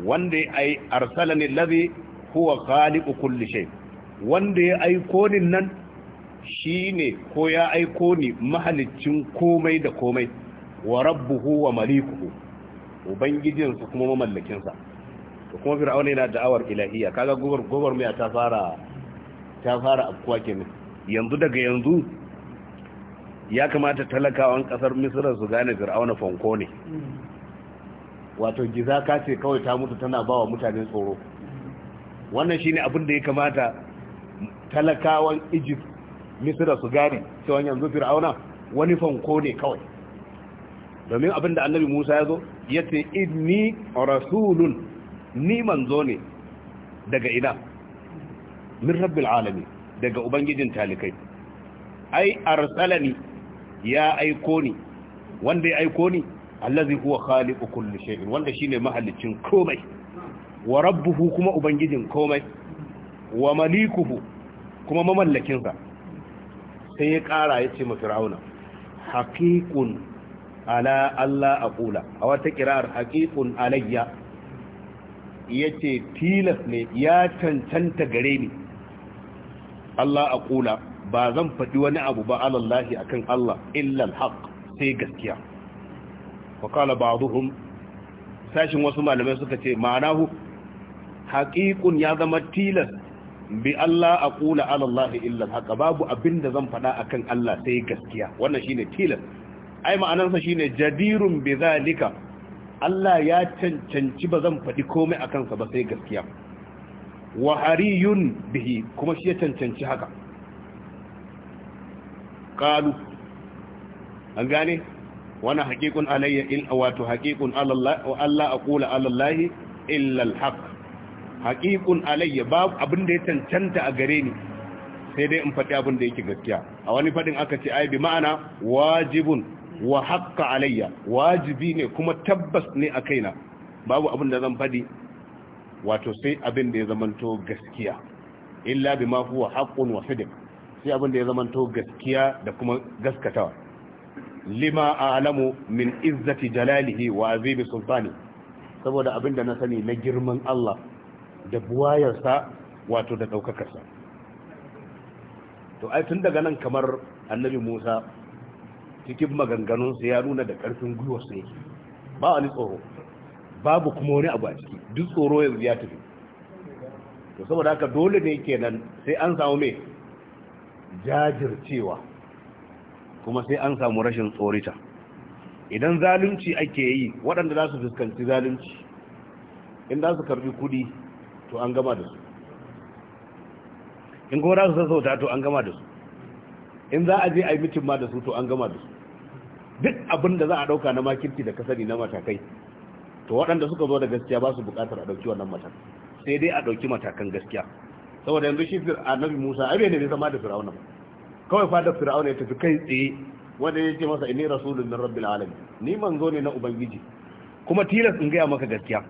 wanda ai arsalani allazi huwa khaliqu kulli shay wanda ya aiko ni nan shine ko ya aiko ni mahalicin komai da komai wa rabbuhu wa malikuhu ubangijinsa kuma sa to kuma fir'auna yana da'awar ilahiyya kaga gobar gobar mai ta fara ta fara afkuwa kenan yanzu daga yanzu ya kamata talakawan kasar misira su gane fir'auna fanko ne hmm. wato giza ka ce kawai ta mutu tana bawa mutane tsoro wannan ne abin da ya kamata talakawan Egypt Misira, su gane cewa yanzu Fir'auna wani fanko ne kawai domin abin da Annabi Musa ya zo ce ni rasulun ni manzo ne daga ina min rabbil alami daga ubangijin talikai ai arsalani ya aiko ni wanda ya aiko ni allazi huwa khaliqu kulli shay'in wanda shine mahallicin komai wa rabbuhu kuma ubangijin komai wa malikuhu kuma mamallakinsa sai ya ƙara ya ce mafirauna haƙiƙun ala Allah a a wata ƙirar haƙiƙun alayya ya ce tilas ne ya cancanta gare ni Allah a ba zan faɗi wani abu ba alallahi akan Allah illa haƙ sai gaskiya wa kala ba sashin wasu malamai suka ce ma'anahu haƙiƙun ya zama tilas bi Allah a ƙula alallahi illan haka babu abin da zan faɗa akan Allah sai gaskiya wannan shine tilas ai ma'anarsa shine jadirun bi zalika Allah ya cancanci ba zan faɗi komai a kansa ba sai gaskiya wa hariyun bihi kuma shi ya cancanci haka ƙalu an gane wani haƙiƙun alayya in wato haƙiƙun Allah a ƙula alallahi illal haqq Haƙiƙun alayya babu abin da ya cancanta a gare ni sai dai in faɗi abin da yake gaskiya a wani faɗin aka ce ai bi ma'ana wajibun wa haƙƙa alayya wajibi ne kuma tabbas ne a kaina babu abin da zan faɗi wato sai abin da ya zamanto gaskiya illa ma huwa haqqun wa sidiq sai abin da ya zamanto gaskiya da kuma gaskatawa lima a'lamu min izzati jalalihi wa azimi sultani saboda abin da na sani na girman Allah da buwayarsa wato da ɗaukakarsa to ai tun daga nan kamar annabi musa cikin maganganunsa ya nuna da ƙarfin gwiwarsa yake ba wani tsoro babu kuma wani abu a ciki duk tsoro ya ya tafi to saboda haka dole ne kenan sai an samu mai jajircewa kuma sai an samu rashin tsorita idan zalunci ake yi waɗanda za su fuskanci zalunci in za su karbi kudi to an gama da su in kuma za su sauta to an gama da su in za a je a yi mitin ma da su to an gama da su duk abin da za a ɗauka na makirki da kasari na matakai to waɗanda suka zo da gaskiya ba su buƙatar a ɗauki wannan matakan sai dai a ɗauki matakan gaskiya saboda yanzu shi annabi musa abe ne zama da fir'auna kawai fa da fir'auna ya tafi kai tsaye wanda ya ce masa inni rasulun min rabbil alamin ni manzo ne na ubangiji kuma tilas in gaya maka gaskiya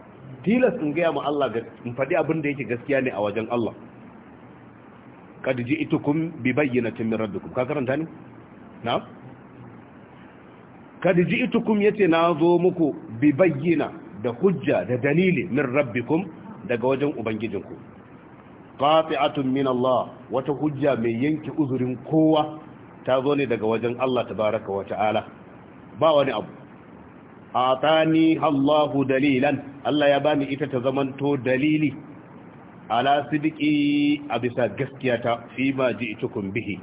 tilas in gaya ma Allah in faɗi abin da yake gaskiya ne a wajen Allah kad ji'tukum bi bayyinatin min rabbikum ka karanta ne na kad ji'tukum yace na zo muku bi bayyina da hujja da dalili min rabbikum daga wajen ubangijinku qati'atun min Allah wata hujja mai yanke uzurin kowa ta zo ne daga wajen Allah tabaraka wa ta'ala ba wani abu atani Allahu dalilan Allah ya bani ita ta zamanto dalili ala sidiki a bisa gaskiya ta fi ma ji itukun bihi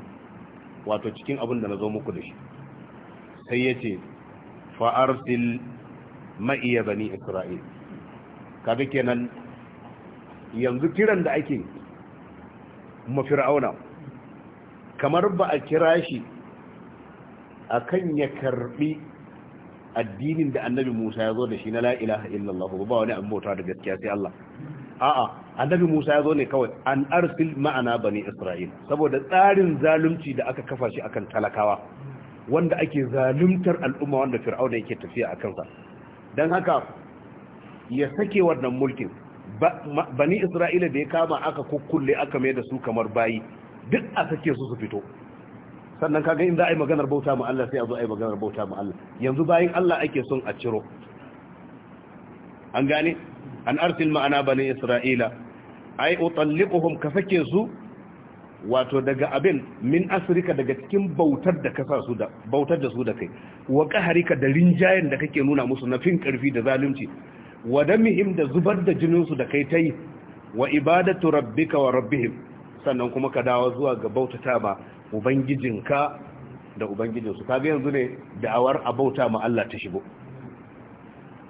wato cikin abin da na zo muku da shi sai ya ce fa'arsil ma'iya bani isra'il kaga kenan yanzu kiran da ake mafir'auna kamar ba a kira shi akan ya karbi addinin da annabi Musa ya zo da shi na la ilaha illallah ba wani an bauta da gaskiya sai Allah a'a annabi Musa ya zo ne kawai an arsil ma'ana bani Isra'il saboda tsarin zalunci da aka kafa shi akan talakawa wanda ake zaluntar al'umma wanda Fir'auna yake tafiya a kansa dan haka ya sake wannan mulkin bani Isra'ila da ya kama aka kukkulle aka mai da su kamar bayi duk a sake su su fito sannan kaga in za a yi maganar bauta mu Allah sai a zo a yi maganar bauta mu Allah yanzu bayan Allah ake son a ciro an gane an arsil ma'ana bani isra'ila ai utalliquhum ka sake su wato daga abin min asirika daga cikin bautar da ka su da bautar da su da kai wa qaharika da rinjayen da kake nuna musu na fin karfi da zalunci wa damihim da zubar da jinin su da kai tai wa ibadatu rabbika wa rabbihim sannan kuma ka dawo zuwa ga bautata ba ubangijinka da ubangijinsu kaga yanzu ne da'awar abauta ma Allah ta shigo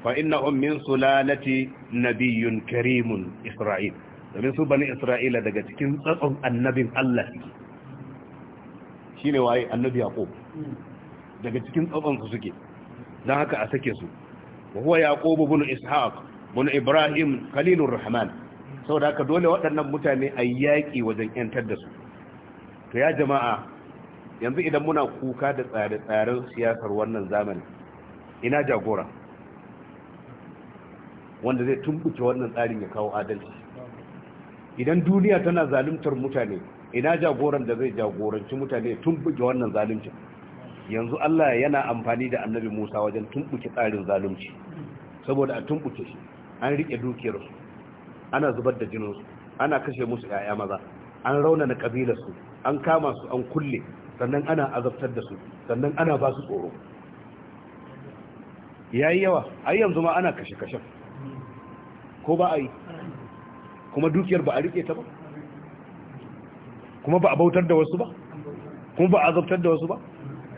fa inna min sulalati nabiyyun karimun isra'il domin su bani isra'ila daga cikin tsatson annabin Allah suke shine waye annabi yaqub daga cikin tsatson su suke dan haka a sake su wa huwa yaqub ibn ishaq ibn ibrahim khalilur rahman saboda haka dole waɗannan mutane a yaƙi wajen yantar da su to ya jama'a yanzu idan muna kuka da tsare-tsaren siyasar wannan zamani ina jagora wanda zai tumbuce wannan tsarin ya kawo adalci idan duniya tana zaluntar mutane ina jagoran da zai jagoranci mutane tumbuce wannan zalimci yanzu Allah yana amfani da annabi Musa wajen tumbuce tsarin zalimci saboda a tumbuce shi an rike dukiyarsu ana zubar da jininsu ana kashe musu 'ya'ya maza an raunana kabilarsu an kama su an kulle sannan ana azabtar da su sannan ana ba su tsoro yayi yawa ai yanzu ma ana kashe kashe, ko ba a yi kuma dukiyar ba a rike ta ba kuma ba a bautar da wasu ba kuma ba a azabtar da wasu ba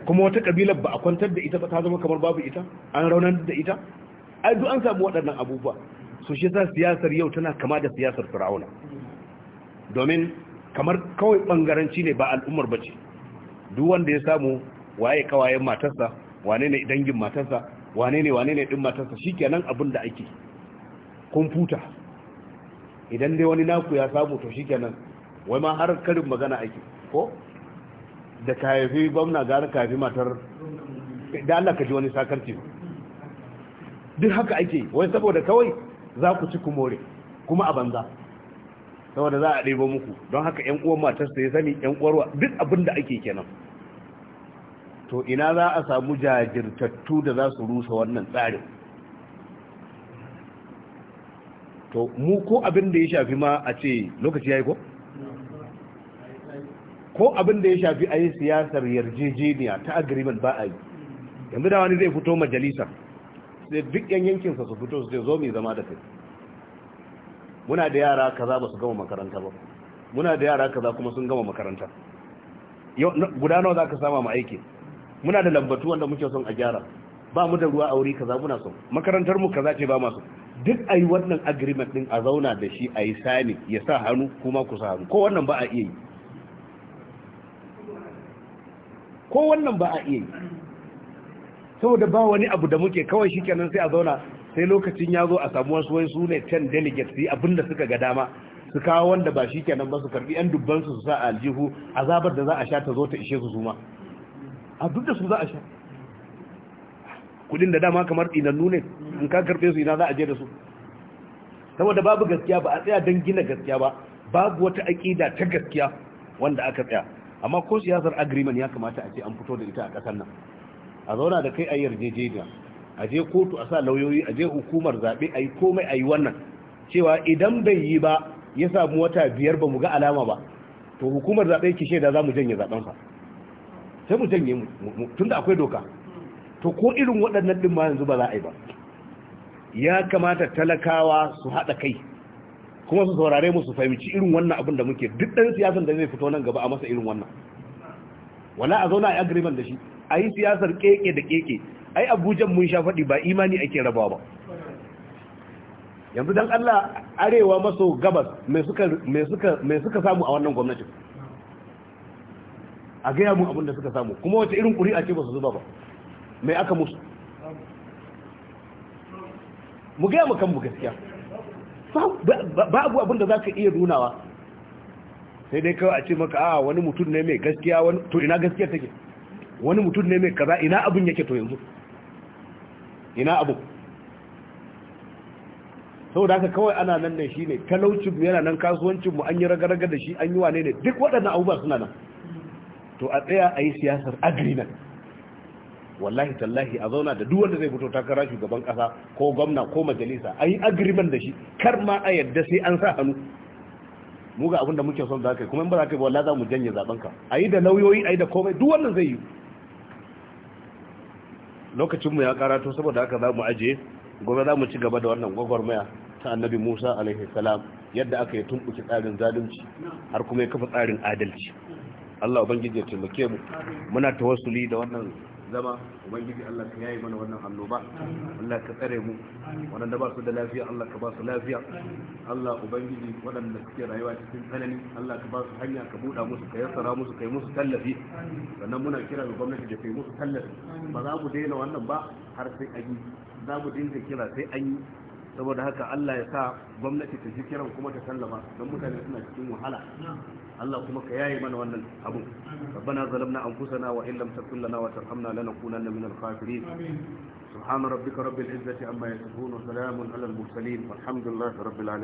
kuma wata kabilar ba a kwantar da ita ba ta zama kamar babu ita an raunar da ita ai duk an samu waɗannan abubuwa su shi sa siyasar yau tana kama da siyasar fir'auna domin kamar kawai bangaranci ne ba al'ummar bace duk wanda ya samu waye kawayen matarsa wane ne dangin matarsa wane ne wane ne din matarsa shikenan abin da ake kwamfuta idan dai wani naku ya samu to shikenan wai ma har karin magana ake ko da kayafi gwamna gara kayafi matar da Allah ka ji wani sakarci duk haka ake wai saboda kawai za ku ci kumore kuma a banza saboda za a ɗebo muku don haka yan uwan matarsa ya sani yan uwarwa duk abin da ake kenan to ina za a samu jajirtattu da za su rusa wannan tsarin to mu ko abin da ya shafi ma a ce lokaci ya yi ko? ko abin da ya shafi a yi siyasar yarjejeniya ta agreement ba a yi yanzu da wani zai fito majalisa sai duk yan yankinsa su fito su zo mai zama da kai muna da yara kaza ba su gama makaranta ba muna da yara kaza kuma sun gama makaranta guda nawa za ka sama ma aiki muna da lambatu wanda muke son a gyara ba mu da ruwa a wuri kaza muna son makarantar mu kaza ce ba masu duk a yi wannan agreement din a zauna da shi a yi sani ya sa hannu kuma ku sa hannu ko wannan ba a iya yi ko wannan ba a iya yi saboda ba wani abu da muke kawai shikenan sai a zauna sai lokacin ya zo a samu wasu wai su ne can delegates su abinda suka ga dama su kawo wanda ba shi kenan ba su karbi yan dubban su sa aljihu azabar da za a sha ta zo ta ishe su suma a duk da su za a sha kudin da dama kamar tsinannu ne in ka karbe su ina za a je da su saboda babu gaskiya ba a tsaya don gina gaskiya ba babu wata aƙida ta gaskiya wanda aka tsaya amma ko siyasar agreement ya kamata a ce an fito da ita a ƙasar nan a zauna da kai a yarjejeniya a je kotu a sa lauyoyi a je hukumar zaɓe a yi komai a yi wannan cewa idan bai yi ba ya samu wata biyar ba mu ga alama ba to hukumar zaɓe ki shaida za mu janye zaɓen fa sai mu janye tun da akwai doka to ko irin waɗannan ɗin ma yanzu ba za a yi ba ya kamata talakawa su haɗa kai kuma su saurare mu su fahimci irin wannan abin da muke duk ɗan siyasan da zai fito nan gaba a masa irin wannan wala a zauna a agreement da shi a yi siyasar keke da keke ai abujan mun sha faɗi ba imani ake rabawa ba yanzu dan Allah arewa maso gabas mai suka suka suka samu a wannan gwamnatin a gaya mu abin da suka samu kuma wata irin a ce ba su zuba ba mai aka musu mu gaya mu kanmu gaskiya babu abin da za ka iya nunawa sai dai kawai a ce maka a ah, wani mutum ne mai gaskiya wani to ina gaskiya take wani mutum ne mai kaza ina abin yake to yanzu ina abu da aka kawai ana nan ne ne, talaucin yana nan kasuwancinmu, an yi ragaraga da shi an yi wane ne duk waɗannan abubuwa suna nan to a tsaya a yi siyasar agrinan wallahi tallahi a zauna da duwanda zai fito takara shugaban ƙasa, ko gwamna ko majalisa a yi agreement da shi kar ma a yadda sai an sa hannu mu ga abin da muke son za ka yi kuma in ba za ka yi ba wallahi za mu janye zaɓen ka a yi da lauyoyi a yi da komai duk wannan zai yi lokacinmu ya karato saboda haka za mu aje gobe za mu ci gaba da wannan gwagwarmaya ta annabi musa alaihi salam yadda aka yi tumbuki tsarin zalunci har kuma ya kafa tsarin adalci allah ubangiji ya taimake mu muna ta wasuli da wannan zama ubangiji Allah ka yayi mana wannan annoba Allah ka tsare mu waɗanda ba su da lafiya Allah ka ba su lafiya Allah ubangiji waɗanda suke rayuwa cikin tsanani Allah ka ba su hanya ka buɗa musu ka yassara musu kai musu tallafi sannan muna kira ga gwamnati da kai musu tallafi ba za mu daina wannan ba har sai an yi za mu dinga kira sai an yi saboda haka Allah ya sa gwamnati ta ji kiran kuma ta tallafa don mutane suna cikin wahala Allah kuma ka yaye mana wannan abu rabbana zalamna anfusana wa illam taghfir lana wa tarhamna lanakunanna minal khasirin subhana rabbika rabbil izzati amma yasifun wa salamun mursalin walhamdulillahi rabbil